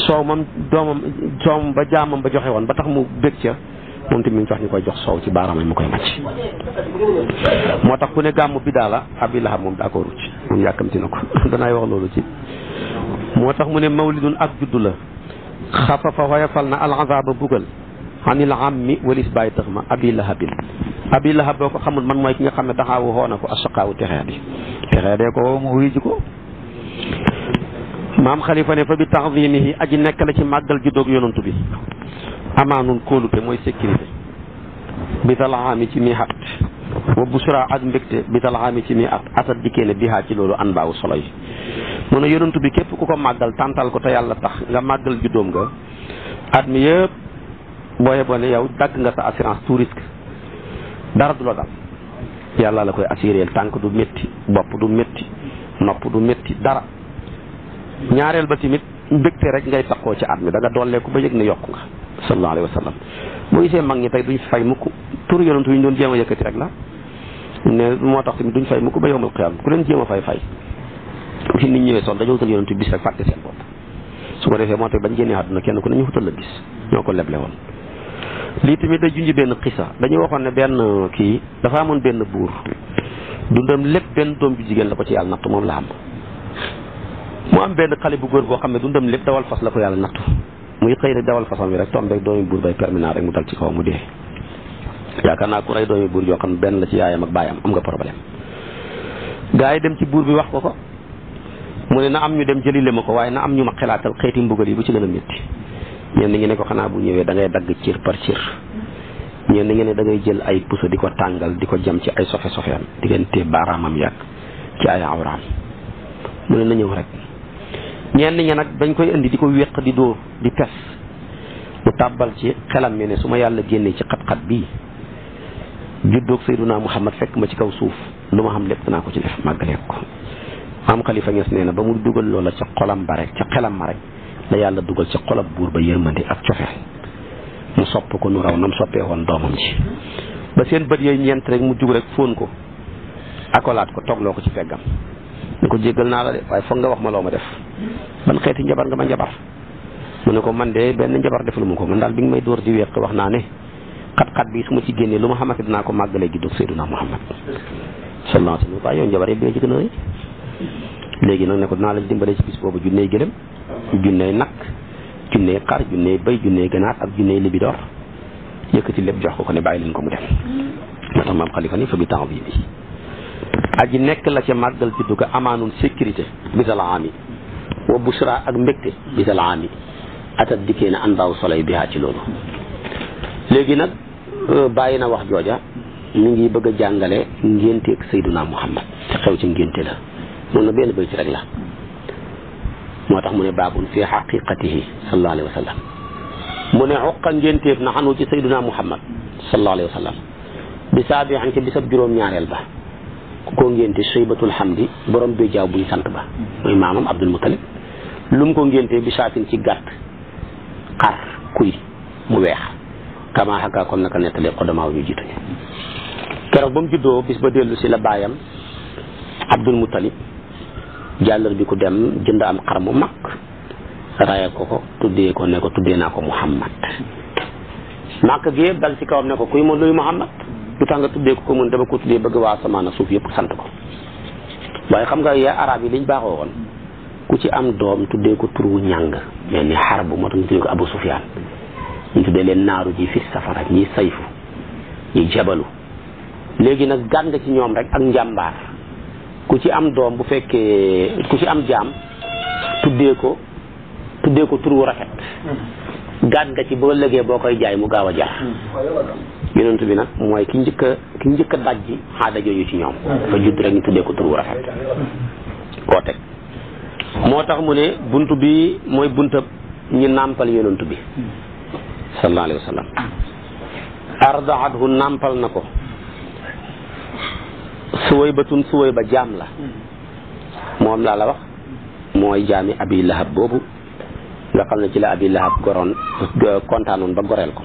soow moom doomam soowam ba jaamam ba joxe woon ba tax mu bég moom tamit mi ngi ñu koy jox soow ci baaraamam mu koy macc moo tax ku ne gàmmu biddaa la abi lahab moom d'accord ci moom yàkkamti na ko <laughs> danaay wax loolu ci moo tax mu ne mawlidun ak juddu la xafafa woyofal na alxasaaba bugal xanil ammi walis bàyyi tëx ma abi lahabin abi lahab boo ko xamul man mooy ki nga xam ne taxaawu xoona ko asaqaawu texee di texee dee ko mu wuy ji ko maam xalifa ne fa bi taxdimihi aji nekk la ci màggal juddoog yonantu bi amaanun kóolute mooy sécurité bi talaami ci mi at wa busra ak mbégte bi talaami ci mi at atat dikkee ne bihaa ci loolu an baaw solo yi mu ne yonantu bi képp ku ko màggal tàntal ko te yàlla tax nga màggal juddoom nga at mi yëpp booye bone yow dagg nga sa assurance tout risque dara du la dal yàlla la koy assuré tànk du métti bopp du metti nopp du metti dara ñaareel ba tamit mbégte rek ngay takkoo ci at mi da nga dolleeku ba yëg n yokk sallallahu alayhi wa sallam boo gisee mag ñi tey duñ fay mukk tur yonent yu ñu doon jéem a yëkkati rek la moo tax tamit duñ fay mukk ba yowmal qiyaam ku leen jéem a fay fay fi nit ñëwee sonn dañoo wutal yonent bis rek fàtte su ko defee moo tax bañ génnee àdduna kenn ko ne ñu wutal la bis ñoo ko leble woon lii tamit day junj benn xisa dañuy waxoon ne benn kii dafa amoon benn buur dundam lépp benn doom ju jigéen la ko ci yàlla nattu moom la am mu am benn xale bu góor boo xam ne dundam lépp dawal fas la ko yàlla nattu muy xëy di dawal façon bi rek tombeeg doomi buur bay permanent rek mu dal ci kaw mu dee yaakaar naa ku rey doomi buur yoo xam benn la ci yaayam ak baayam am nga problème gaa yi dem ci buur bi wax ko ko mu ne na am ñu dem jëlile ma ko waaye na am ñu ma xalaatal xeeti mbugal yi bu ci gën a métti ñeen ngi ne ko xanaa bu ñëwee dangay dagg cër par cër ñeen ngi ne da ngay jël ay puso di ko tàngal di ko jam ci ay sofe-sofeem diggante baaraamam yàgg ci ay awraam mu na ñëw rek ñenn ñi nag dañ koy indi di ko wéq di dóor di pes mu tàbbal ci xelam mi ne su ma yàlla génnee ci xat-xat bii juddoog xam a fekk ma ci kaw suuf lu ma xam lépp naa ko ci def màggalee ko am xalifa ngees nee na ba mu dugal loola ca xolam ba rek ca xelam ma rek la yàlla dugal ca xolab buur ba yërmandi ak cofeel mu sopp ko nu raw nam soppee woon doomam ji ba seen bët yooyu ñeent rek mu jug rek fóon ko akolaat ko toogloo ko ci feggam ne ko jéggal naa la de waaye foog nga wax ma loo ma def ban xeeti njabar nga ma njabar mu ne ko man de benn njabar deful ma ko man daal bi nga may door di wéq wax naa ne xat-xat bi su ma ci génnee lu ma xamante dinaa ko màggalee juddug Seydunaa Muhammad sallallahu alayhi wa sallam waaye yow njabar yëpp ci gën a ne ko naa la dimbale ci bis boobu junney gëlëm junney nag junney xar junney béy junney ganaar ak junney libidoor yëkkati lépp jox ko ko ne bàyyi leen ko mu dem moo tax maam xalifa ni bi temps aji nekk la ca màggal juddu ga amaanun sécurité bisal ami wa bushra ak mbégte bisal ami atat dikkee na an baaw soley bihaa ci loolu léegi nag euh, bàyyi na wax jooja mi ngi bëgg a jàngale ngénteeg Seyduna Muhammad te xew ci ngénte la noonu na benn bay ci rek la moo tax mu ne baabun fi xaqiqatihi sallallahu alayhi wa sallam mu ne xoqa ngénteef na xanu ci Seyduna Muhammad sallallahu alayhi wa sallam bi saabi an ci bisab juróom ñaareel ba ku ko ngénte Shaybatul Hamdi borom bi jaaw buy sant ba mooy maamam Abdul Muttalib lu mu ko ngénte bi saatin ci gàtt xar kuy mu weex kamaa xakaa comme naka nettalee xodamaaw ñu jiituñu keroog ba mu juddoo bis ba dellu si la baayam Abdul Muttalib jàllar bi ku dem jënd am xar mu mag raaya ko ko tuddee ko ne tuddee naa ko Muhammad màkk gi yëpp dal ci kawam ne ko kuy ma luy Muhammad lu tax nga tuddee ko ko mun dama ko tuddee bëgg waa asamaan ak suuf yëpp sant ko waaye xam nga yaa arab yi liñ baaxoo woon ku ci am doom tuddee ko turu ñàng mel ni xar bu moo tax ñu tuddee ko Abu Sufyaan ñu tuddee leen naaru ji fi safara ak ñi sayfu jabalu léegi nag gàn nga ñoom rek ak njàmbaar ku ci am doom bu fekkee ku ci am jaam tuddee ko tuddee ko turu rafet hmm. gàn nga ci boo lëgee boo koy jaay mu gaaw a jar hmm. yonent bi nag mooy ki njëkk a ki njëkk a dajji xaada jooju ci ñoom fa judd rek ñu tuddee ko tur wu rafet koo teg moo tax mu ne bunt bi mooy buntab ñi nàmpal yonent bi sallallahu alayhi wa nàmpal na ko suway ba tun suway ba jaam la moom laa la wax mooy jaami abi lahab boobu nga xam ne ci la abi lahab goroon kontaanoon ba goreel ko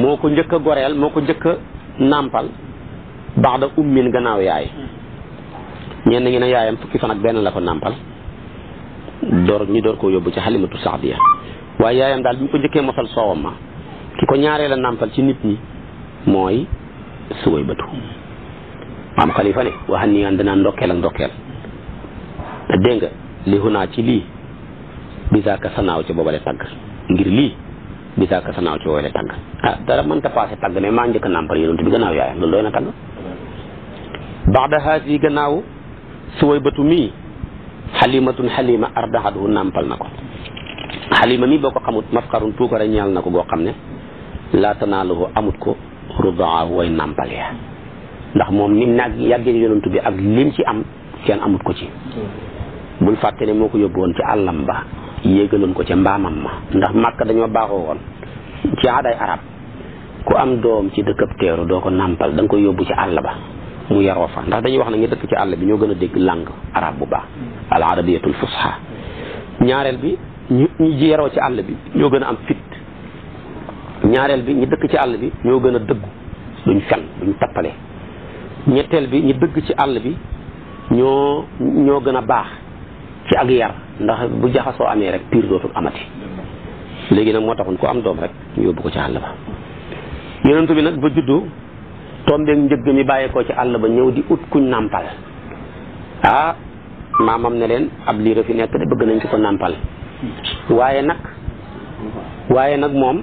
moo ko njëkk a goreel moo ko njëkk nàmpal baax da ummin gannaaw yaay ñenn ñi ne yaayam fukki fan ak benn la ko nàmpal door ñu door koo yóbbu ci sax saadiya waaye yaayam daal bi mu ko njëkkee mosal soowam ma ki ko ñaaree la nàmpal ci nit ñi mooy suway batu maam xalifa ne waxan ni an danaa ndokkeel ak ndokkeel dégg nga li hunaa ci lii bisaaka sanaaw ci boobale tàgg ngir lii bisaa ka sanaaw ci woyle tàgg ah dara mënta passé tàgg ne maa njëkk nàmpal yonent bi gannaaw yaayam loolu doy na tàgg baxda haas yi gannaaw suway batu mii xalimatun xalima ardaxadu nàmpal na ko xalima mii boo ko xamut mafxarun tuukare ñeel na ko goo xam ne laa tanaaluhu amut ko rudaahu way nàmpal ya ndax moom ni nag yàggee yonent bi ak lim ci am kenn amut ko ci bul fàtte ne moo ko yóbbu ci àllam ba yéegaloon ko ca mbaamam ma ndax màkk dañoo baaxoo woon ci aaday arab ku am doom ci dëkkab teeru doo ko nàmpal da ko yóbbu ci àll ba mu yaroo fa ndax dañuy wax ne ñu dëkk ci àll bi ñoo gën a dégg langue arab bu baax al arabiyatul fusha ñaareel bi ñu ñu ci àll bi ñoo gën a am fit ñaareel bi ñu dëkk ci àll bi ñoo gën a dëggu duñ fen duñ tappale ñetteel bi ñu dëgg ci àll bi ñoo ñoo gën a baax ci ak yar ndax bu jaxasoo amee rek piir dootul amati léegi nag moo taxoon ku am doom rek yóbbu ko ci àll ba yonent bi nag ba juddu tombeeg mi bàyyeekoo ci àll ba ñëw di ut kuñ nàmpal ah maamam ne leen ab liira fi nekk de bëgg nañ ko ko nàmpal waaye nag waaye nag moom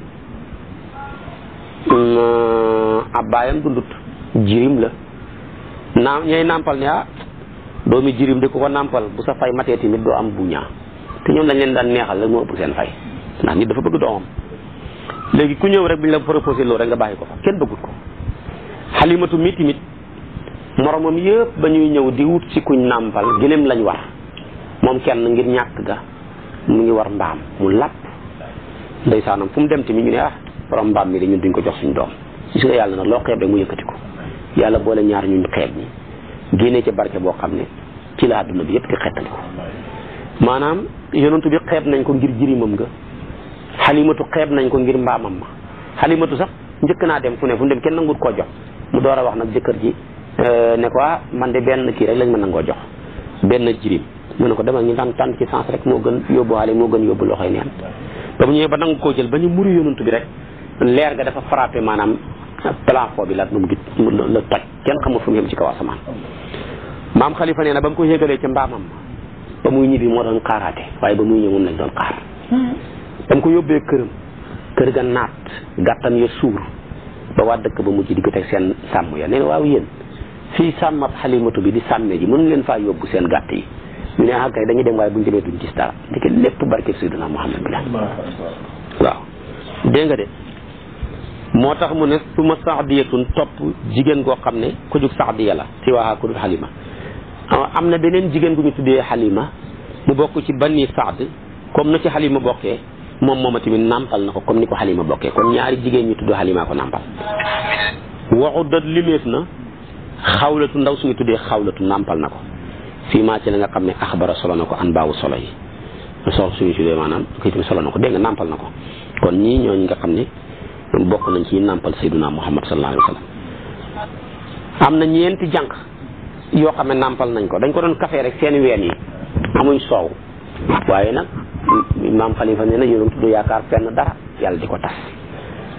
mm, ah, ab baayam dundut jirim la naam nàmpal ne ah doomi jirim di ku ko nàmpal bu sa fay matee tamit doo am buña te ñoom lañ leen daan neexal la moo ëpp seen fay ndax nit dafa bëgg doomam léegi ku ñëw rek bu ñu la proposé loolu rek nga bàyyi ko fa ko xalimatu mi tamit moromam yëpp ba ñuy ñëw di ci kuñ nàmpal gëléem lañ war moom kenn ngir ñàkk ga mu ngi war mbaam mu làpp ndeysaanam fu mu dem tamit ñu ne ah borom mbaam mi de ñun duñ ko jox suñ doom gis nga yàlla nag loo xeeb mu yëkkati ko yàlla boole ñaar ñuñ xeeb mi génnee ci barke boo xam ne ci la àdduna bi yëpp di xettali ko maanaam yonentu bi xeeb nañ ko ngir jirimam nga xalimatu xeeb nañ ko ngir mbaamam ma xalimatu sax njëkk naa dem fu ne fu mu dem kenn nangut koo jox mu door a wax nag jëkkër ji euh, ne ko ah, man de benn kii rek lañ ma nangoo jox benn jirim mu ne ko demal ñu daan tànn ci sens rek moo gën yóbbuwaale moo gën yóbbu loxoy neen ba mu ñëwee ba nangu koo jël ba ñu muri yonent bi rek leer ga dafa frappé plafond bi la nu mu gis la toj kenn xamul fu mu yem ci kaw a asamaan maam xalifa nee na ba mu ko yégalee ca mbaamam ba muy ñibbi moo doon xaaraate waaye ba muy ñëw moom lañ doon xaar mu ko yóbbee këram kër ga naat gàttan ya suur ba waa dëkk ba mujj di ko seen sàmm ya nee na waaw yéen fii sàmmab xalimatu bi di sàmme ji mënu leen faa yóbbu seen gàtt yi ñu ne akay ah, dañuy dem waaye buñu demee duñ gis dara ndeke lépp barke Seydina Muhammad bi la nga de moo tax mu ne su ma saadiyatun topp jigéen koo xam ne ku jug saadiya la siwaaha ku dul xalima am na beneen jigéen gu ñu tuddee xalima mu bokk ci banni saad comme na ci xalima bokkee moom mooma tamit nàmpal na ko comme ni ko xalima bokkee kon ñaari jigéen ñu tudd xalima ko nàmpal waxu dat limeef na xawlatu ndaw suñu tuddee xawlatu nàmpal na ko fii maa ci la nga xam ne axbara solo na ko an baawu solo yi soo suñu tuddee maanaam kii tamit solo na ko dégg nga nàmpal na ko kon ñii ñooñu nga xam ne bokk nañ ci nàmpal sayyiduna muhammad sallallahu alayhi wa sallam am na ñeenti janq yoo xam ne nàmpal nañ ko dañ ko doon café rek seen ween yi amuñ soow waaye nag maam xalifa fa na yonum tudd yaakaar fenn dara yàlla di ko tas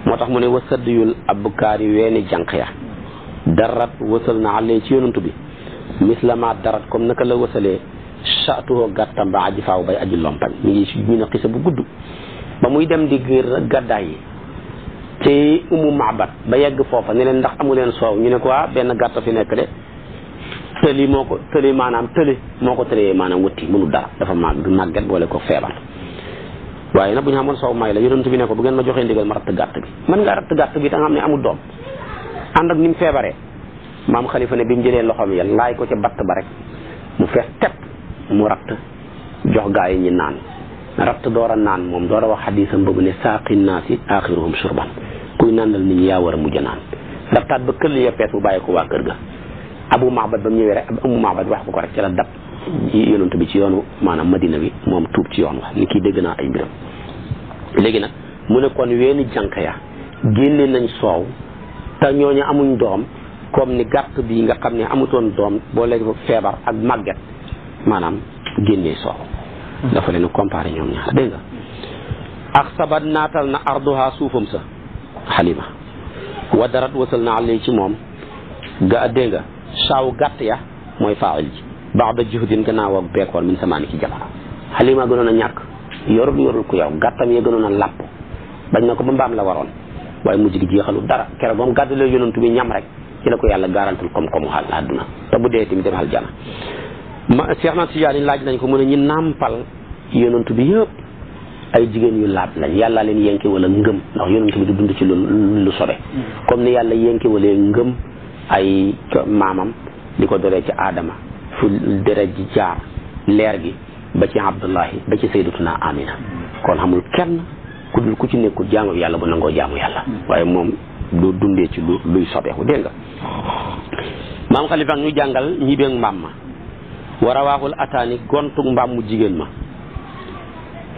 moo tax mu ne wasëdd ab abkaar yi weeni jànq ya darat wasal na àllee ci yonumtu bi mislama darat comme naka la wasalee chatuhoo gàttam ba aji faaw bay aji lompañ mi ngi ñu ne xisa bu gudd ba muy dem di gër gàddaay yi ci umu maabat ba yegg foofa ne leen ndax amu leen soow ñu ne ko waa ah benn gàtt fi nekk de tëli moo ko tëli maanaam tëli moo ko tëlee maanaam wutti mënu dara dafa màgg du màgget boole ko feebar waaye nag bu ñu xamoon soow may la ti bi ne ko bu ngeen ma joxee ndigal ma ratt gàtt bi mën ngaa ratt gàtt bi te xam ne amul doom ànd ak ni mu feebaree maam xalifa ne bi mu jëlee loxoom ya laay ko ca batt ba rek mu fees tepp mu ratt jox gaa yi ñi naa ratt door naan moom door a wax xadisam boobu ne saaqi naasi axiruhum shurban kuy nàndal nit ñi yaa war a mujj naan ndax taat ba këll ya fees bu bàyyi ko waa kër ga abu mahbat ba mu ñëwee rek abu mahbat wax bu ko rek ci la dab yonent bi ci yoonu maanaam madina bi moom tuub ci yoon wax ni kii dégg naa ay mbiram léegi nag mu ne kon weeni jànq ya génne nañ soow te ñooñu amuñ doom comme ni gàtt bii nga xam ne amutoon doom boo léegi feebar ak màgget maanaam génnee soow hmm. dafa leen comparé ñoom ñaar dégg nga ak sabat naatal na arduha xalima wadarat wasal na alay ci moom ga dégg nga saaw gàtt ya mooy faa'il ji ba'da juhdin gannaaw ak beekoon min samaani ci jamaa xalima gënoon a ñàkk yorul yorul ku yow gàttam ya gënoon a làpp bañ na ko ba mbaam la waroon waaye mujj gi jeexalu dara keroog moom gàddu la yonantu bi ñam rek ci la ko yàlla garantul koom kom xaal àdduna te bu dee tamit dem aljana ma Seex Tijaani laaj nañ ko mu ne ñi nàmpal yonantu bi yëpp ay jigéen yu laab lañ yàlla leen yenke wala ngëm ndax yonent bi di dund ci lu lu sobe comme ni yàlla yenke walee ngëm ay maamam di ko doree ci aadama fu deret ji jaar leer gi ba ci abdullahi ba ci sayyidatuna amina kon xamul kenn ku dul ku ci nekkul jaamu yàlla bu nangoo jaamu yàlla waaye moom du dundee ci lu luy sobeeku dégg nga maam xalifa ñu jàngal ñi beeg mbaam ma war a waaxul ataani gontug mbaam mu jigéen ma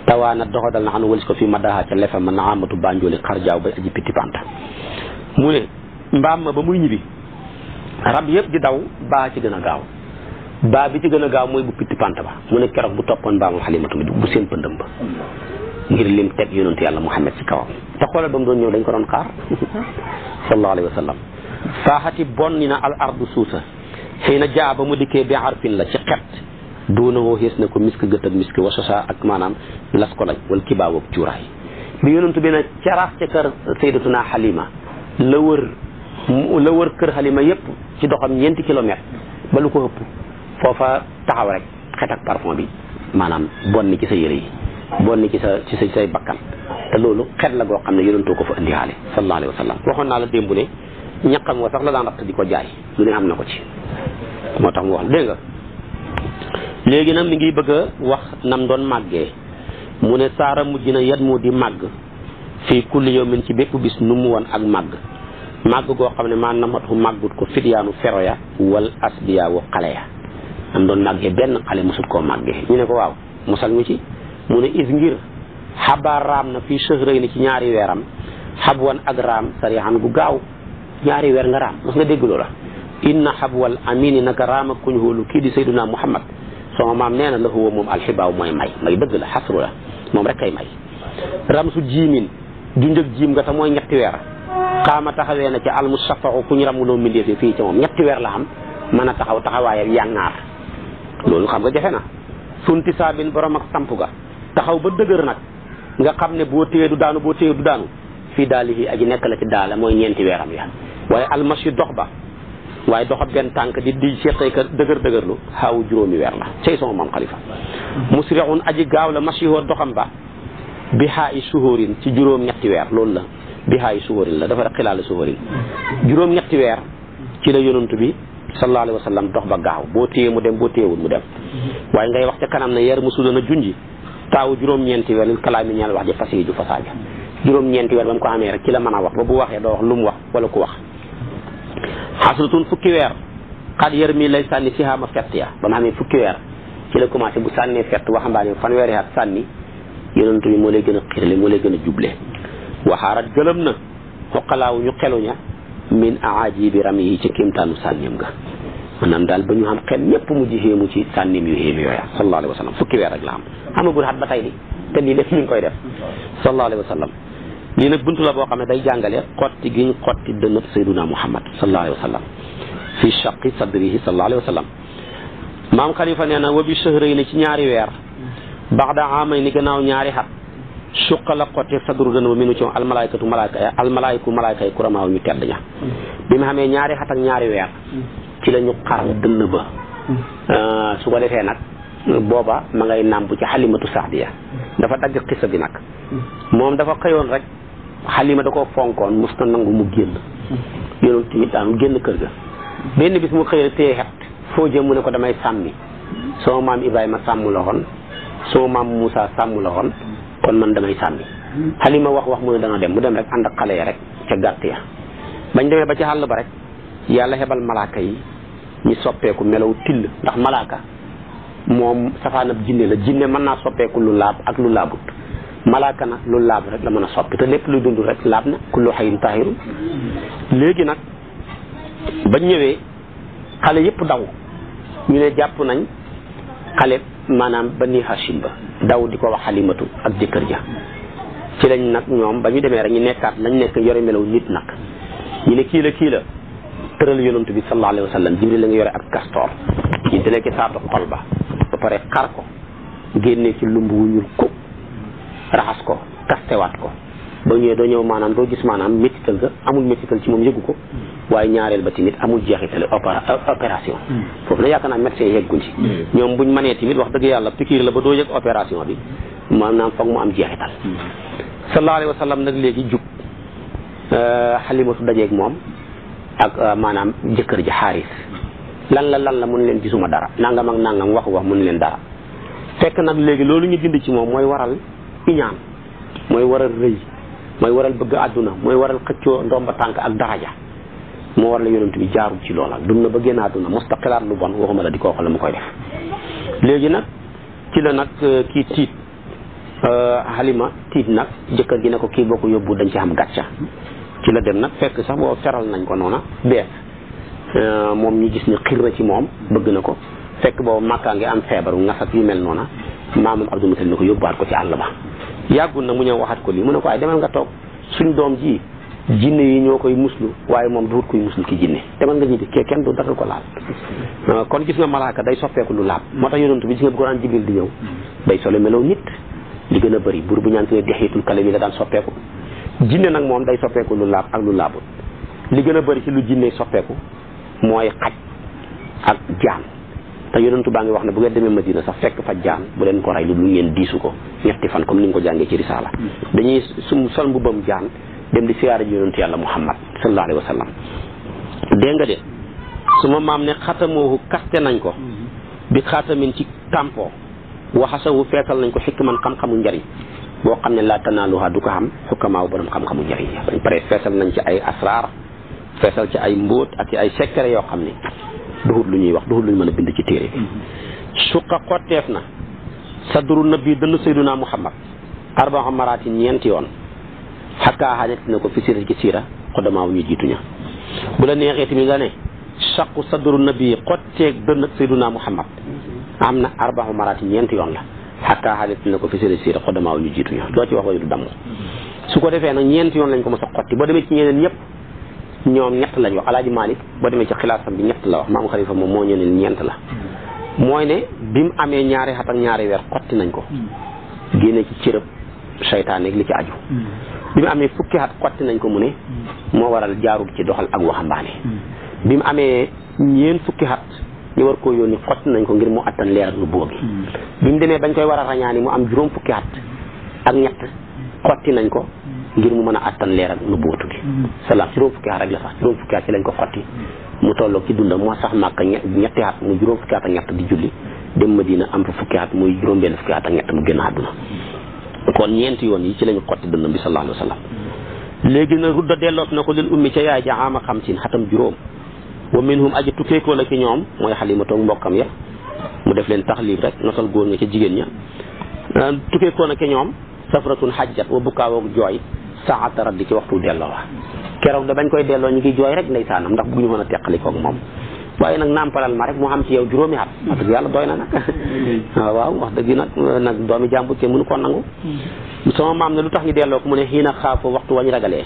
tawaana doxadal na xanu walis ko fii ma daxaa ca lefe ma na amatu banjooli xar jaaw bay aji pitti panta mu ne mbaam ma ba muy ñibbi rab yëpp di daw baa ci gën a gaaw baa bi ci gën a gaaw mooy bu pitti pant ba mu ne keroog bu toppoon mbaamam xalimatu bu seen pëndëm ba ngir lim teg yonantu yàlla Muhammad ci kawam te xoolal ba mu doon ñëw dañ ko doon xaar <laughs> sallallahu alayhi wa sallam faaxati bonni na al ardu suusa xëy na jaa ba mu dikkee bi arfin la ci duuna woo xees na ko misk gët ak misk wasosa ak maanaam las ko lañ wala kibaaw ak cuuraay bi yonentu bi ne carax ca kër naa xalima la wër la wër kër xalima yépp ci doxam ñeenti kilomètre ba lu ko ëpp foofa taxaw rek xet ak parfum bi maanaam bon bonni ci sa yére yi bonni ci sa ci sa say bakkan te loolu xet la goo xam ne yonentoo ko fa indi xaale sallallahu alayhi wa waxoon naa la démb ne ñaqam wa sax la daan ratt di ko jaay lu ne am na ko ci moo tax mu wax dégg léegi nag mi ngi bëgg a wax nam doon màggee mu ne saara mujj na yat mu di màgg fii kulli yawmin ci bépp bis nu mu woon ak màgg màgg goo xam ne maa namatu màggut ko fityaanu fero ya wal asbiyaawu xale ya nam doon màggee benn xale mosut koo màggee ñu ne ko waaw mosal ñu ci mu ne is ngir xabaar raam na fi sëx rëy ni ci ñaari weeram xabwan ak raam sariyaan bu gaaw ñaari weer nga raam mos nga dégg loola inna xabwal amini naka raam kuñ hóolu kii di sayduna sama maam nee na la huwa moom alxibaaw mooy may may dëgg la xasru la moom rek kay may ramsu jiimin du njëg jiim nga te mooy ñetti weer a taxawee na ci almusafaxu ku ñu ramuloo mbindeefi fii ci moom ñetti weer la am mën a taxaw taxawaayam yàngaar loolu xam nga jafe na sunti saabin borom ak samp ga taxaw ba dëgër nag nga xam ne boo téye du daanu boo téye du daanu fii daal daalihi aji nekk la ci daala mooy ñeenti weeram ya waaye almas yu dox ba waaye doxa benn tànk di di seqee ka dëgër dëgërlu xaawu juróomi weer la cey sama maam xalifa musrixun aji gaaw la masihoo doxam ba bi xaa i suhóorin ci juróom ñetti weer loolu la bi xaa i suhóorin la dafa rek xilaala suhóorin juróom ñetti weer ci la yonantu bi sallallahu alayhi wa sallam dox ba gaaw boo téye mu dem boo téyewul mu dem waaye ngay wax ca kanam ne yar musu doon a junji taaw juróom-ñeenti weer lil kalaami ñeel wax ji fas yi ju fasaaja juróom-ñeenti weer ba ko amee rek ci la mën a wax ba bu waxee doo wax mu wax wala ku wax xasratun fukki weer xat yar mii lay sànni ci xaama fett ya ba ma amee fukki weer ci la commencé bu sànnee fett waxambaane fanweeri at sànni yonentu bi moo lay gën a xiirale moo lay gën a juble waxaarat gëlëm na xoqalaawu ñu xeluña min aajibi ram yi ci kéemtaanu sànnim ga maanaam daal ba ñu xam xel ñëpp mujj xéemu ci sànnim yu xéemu yooya sallallahu alayhi wa sallam fukki weer rek la am amagul xat ba tey di te lii ñu koy def sallallahu alayhi lii nag buntu la boo xam ne day jàngale xotti gi ñu xotti dënëb sayduna muhammad sallallahu alayhi wa sallam fi shaqi sadrihi sallallahu alayhi wa sallam maam xalifa nee na wa bi shahray ni ci ñaari weer baxda amay ni gannaaw ñaari xat suqa la xotti sadru dënëb mi nu ci almalaykatu malayka almalayku malayka yi kuramaaw ñu tedd ña bi mu xamee ñaari xat ñaari weer ci la ñu xar dënn ba ah, su ko defee nag booba ma ngay nàmp ci xalimatu saadiya dafa dagg xisa bi nag moom dafa xëyoon rek xalima da koo fonkoon mos na nangu mu génn yonent bi daan génn kër ga benn bis mu xëy la téye xet foo jëm mu ne ko damay sàmmi sama maam Ibrahima sàmm la woon sama maam Moussa sàmm la woon kon man damay sàmmi xalima wax wax mu ne dana dem mu dem rek ànd ak xale ya rek ca gàtt ya bañ demee ba ci àll ba rek yàlla xebal malaaka yi ñu soppeeku melaw till ndax malaaka moom safaanab jinne la jinne mën naa soppeeku lu laab ak lu laabut malaaka nag lu laab rek la mën a soppi te lépp luy dundu rek laab na kullu xayin tahiru léegi nag bañ ñëwee xale yépp daw ñu ne jàpp nañ xale maanaam ba ni Hashim ba daw di ko wax xalimatu ak jëkkër ja ci lañ nag ñoom ba ñu demee rek ñu nekkaat lañ nekk yore melaw nit nag ñu ne kii la kii la tëral yonantu bi sallallahu alayhi wa sallam la nga yore ak kastoor ñu dale ki saatu xol ba ba pare xar ko génnee ci lumb wu ñuul ko raxas ko kastewaat ko boo ñëwee doo ñëw maanaam doo gis maanaam métital ga amul métital ci moom yëgu ko waaye ñaareel ba tamit amul jeexital opération hmm. foofu na yaakaar naa médecin yegguñ ci hmm. ñoom buñ manee tamit wax dëgg yàlla pikiir la ba doo yëg opération bi maanaam foog mu am jeexital hmm. sallallahu alayhi wa sallam nag léegi jub euh, xalimatu dajeeg moom ak euh, maanaam jëkkër ji xaaris lan la lan la mun leen gisuma dara nangam ak nangam waxu wax mun leen dara fekk iñaan mooy waral rëy mooy waral bëgg àdduna mooy waral xëccoo ndomba tànk ak daraja moo war la yonent bi jaarul ci loola dund na ba génn àdduna mustaqilaat lu bon waxuma la di ko wax la mu koy def léegi nag ci la nag euh, kii tiit xalima euh, tiit nag jëkkër gi ne ko kii boo ko yóbbu dañ ci am gàcca ci la dem nag fekk sax boo feral nañ ko noona bees euh, moom ñu gis ne xiir na ci moom bëgg na ko fekk boobu màkkaa ngi am feebaru ngas ak yu mel noona maamam Abdul Mutalib ko yóbbaat ko ci àll ba yàggul mu ñëw waxaat ko lii mu ne ko ay demal nga toog suñ doom ji jinne yi ñoo koy muslu waaye moom duut koy muslu ki jinne demal nga ñibbi kenn du dara ko laal ah, kon gis nga malaaka day soppeeku lu laab moo tax yonent bi gis nga bu ko daan jibril di ñëw day solo melaw nit li gën a bëri buur bu ñaan te ne dexiitul kale mi la daan soppeeku jinne nag moom day soppeeku lu laab ak lu laabut li gën a bëri ci lu jinne soppeeku mooy xaj ak jaan te yonentu baa ngi wax ne bu ngeen demee Madina sax fekk fa jaan bu leen ko rey lu dul ngeen diisu ko ñetti fan comme ni nga ko jàngee ci risaala dañuy sum sol mbubbam jaan dem di siyaara ji yonentu yàlla Muhammad sallallahu alayhi wa sallam dégg nga de suma maam ne xatamoohu kaste nañ ko bi xaatamin ci tampo waxasawu feesal nañ ko xikman xam-xamu njariñ boo xam ne laa tanaaluha du ko xam xukkamaaw borom xam-xamu njariñ dañ pare feesal nañ ci ay asraar feesal ci ay mbóot ak ay secret yoo xam ne duhut lu ñuy wax duhut lu ñu mën a bind ci téere bi mm-hmm. suqa xotteef na sadru nabi dëll sayduna muhammad arba'a maraatin ñeenti yoon xakkaa xaajati na ko fi siira ci siira xodamaaw ñu la neexee tamit nga ne saqu sadru nabi xotteeg dënn sayduna muhammad mm-hmm. am na arba'a maraatin ñeenti yoon la xakkaa xaajati na ko fi siira ci siira xodamaaw ñu jiituña loo ci wax way du damm mm-hmm. su ko defee nag ñeenti yoon lañ ko mos xotti boo demee ci ñeneen ñëpp ñoom ñett lañ wax alaaji Malick boo demee ci xilaasam bi ñett la wax maamu xalifa moom moo ñu ne ñeent la mooy ne bi mu amee ñaari xat ak ñaari weer xotti nañ ko génne ci cërëb seytaane ak li ci aju bi mu amee fukki xat xotti nañ ko mu ne moo waral jaarul ci doxal ak waxambaane bi mu amee ñeent fukki ñu war koo yónni xotti nañ ko ngir mu attan leer ak lu boobu bi mu demee bañ koy war a rañaani mu am juróom fukki xat ak ñett xotti nañ ko ngir mu mën a attan leeral nu boo gi mm-hmm. salaam juróom fukki at rek la sax juróom fukki at ci lañ ko xotti mu tolloo ci dundam moo sax màkk ñetti at mu juróom fukki di julli dem Madina am fa fukki at muy juróom benn fukki at ak ñett mu génn àdduna kon ñeenti yoon yi ci lañu xotti dundam bi sallallahu alayhi wa sallam léegi na rudda delloos na ko lil ummi ca yaay ja ama xamsin xatam juróom wa minhum aji tukkeekoo la ci ñoom mooy xalima toog mbokkam ya mu def leen taxliib rek notal góor ña ca jigéen ña tukkeekoo na ci ñoom safratun xajjat wa bukkaawoog jooy saata raddi ci waxtu delloo wa keroog da bañ koy delloo ñu ngi jooy rek ndeysaanam ndax bu ñu mën a teqalikoog moom waaye nag nàmpalal ma rek mu am ci yow juróomi at wax dëgg yàlla na nag <laughs> wax dëgg nag nag doomi jàmbur ci mënu koo nangu sama maam ne lu tax ñu delloo ko mu ne xiina xaafoo waxtu wañ ragalee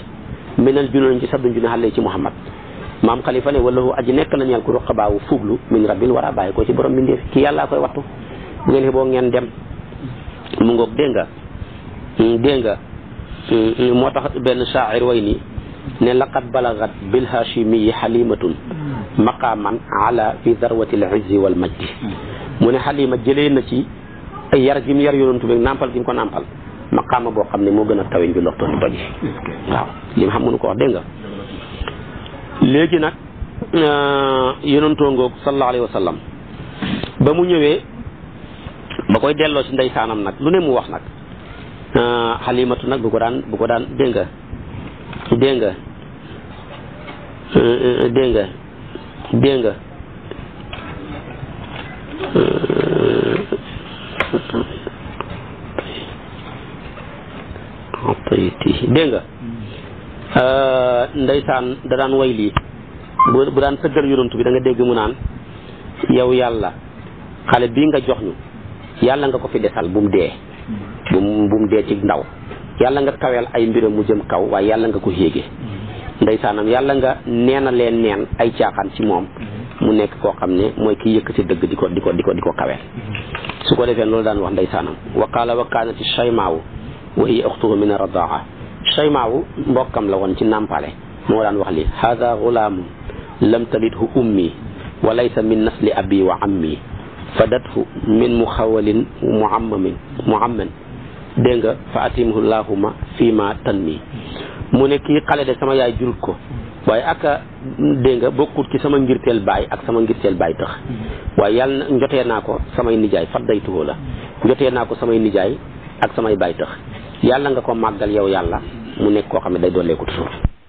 minal junoon ci sa sabdu june xale ci Muhammad maam xalifa ne walahu aji nekk la ñeel ko roqabaawu fuglu min rabbil war a bàyyi ko ci borom mbindeef kii yàllaa koy wattu bu ngeen xiboo ngeen dem mu ngoog dégg nga hmm, dégg moo tax benn shaacir way nii ne laqad balagat bil hashimiyi xalimatun maqaaman ala fi darwati al izzi wal majdi mu ne xalima jëlee na ci yar gi yar yonantu bi nàmpal gi mu ko maqaama boo xam ne moo gën a kawe ju loxtoon doj waaw li ma xam mënu ko wax dégg léegi nag euh, yonantoo ngoog sallallahu ba mu ñëwee ba koy delloo ci ndeysaanam nag lu ne mu wax nag xalimatu nag bu ko daan bu ko daan dégg nga dégg nga euh, euh, euh, dégg nga nga dégg nga ndeysaan da daan way lii bu bu daan sëggal yonantu bi danga dégg mu naan yow yàlla xale bii nga jox ñu yàlla nga ko fi desal bu mu dee bu mu bu mu dee ci ndaw yàlla nga kaweel ay mbiram mu jëm kaw waaye yàlla nga ko yéege mm-hmm. ndeysaanam yàlla nga neena leen neen ay caaxaan ci moom mm-hmm. mu nekk koo xam ne mooy ki yëkkati dëgg di ko di ko di ko di ko kaweel mm-hmm. su ko defee loolu daan wax ndeysaanam wa qaala wa kaanati shaymaawu wa hiya uxtuhu min shaymaawu mbokkam la woon ci nàmpale moo daan wax li hada gulaamun lam talidhu ummi wa laysa min nasli abi wa ammi fadathu min muxawalin muammamin muamman dégg nga fa atimhu llahuma fii ma tanmi mu ne kii xale de sama yaay jurut ko waaye aka dégg nga bokkut ci sama ngirteel baay ak sama ngirteel baay tax waaye yàlla na naa ko samay nijaay faddaytuhu la njotee naa ko samay nijaay ak samay baay tax yàlla nga ko màggal yow yàlla mu nekk koo xam ne day dooleeku toujours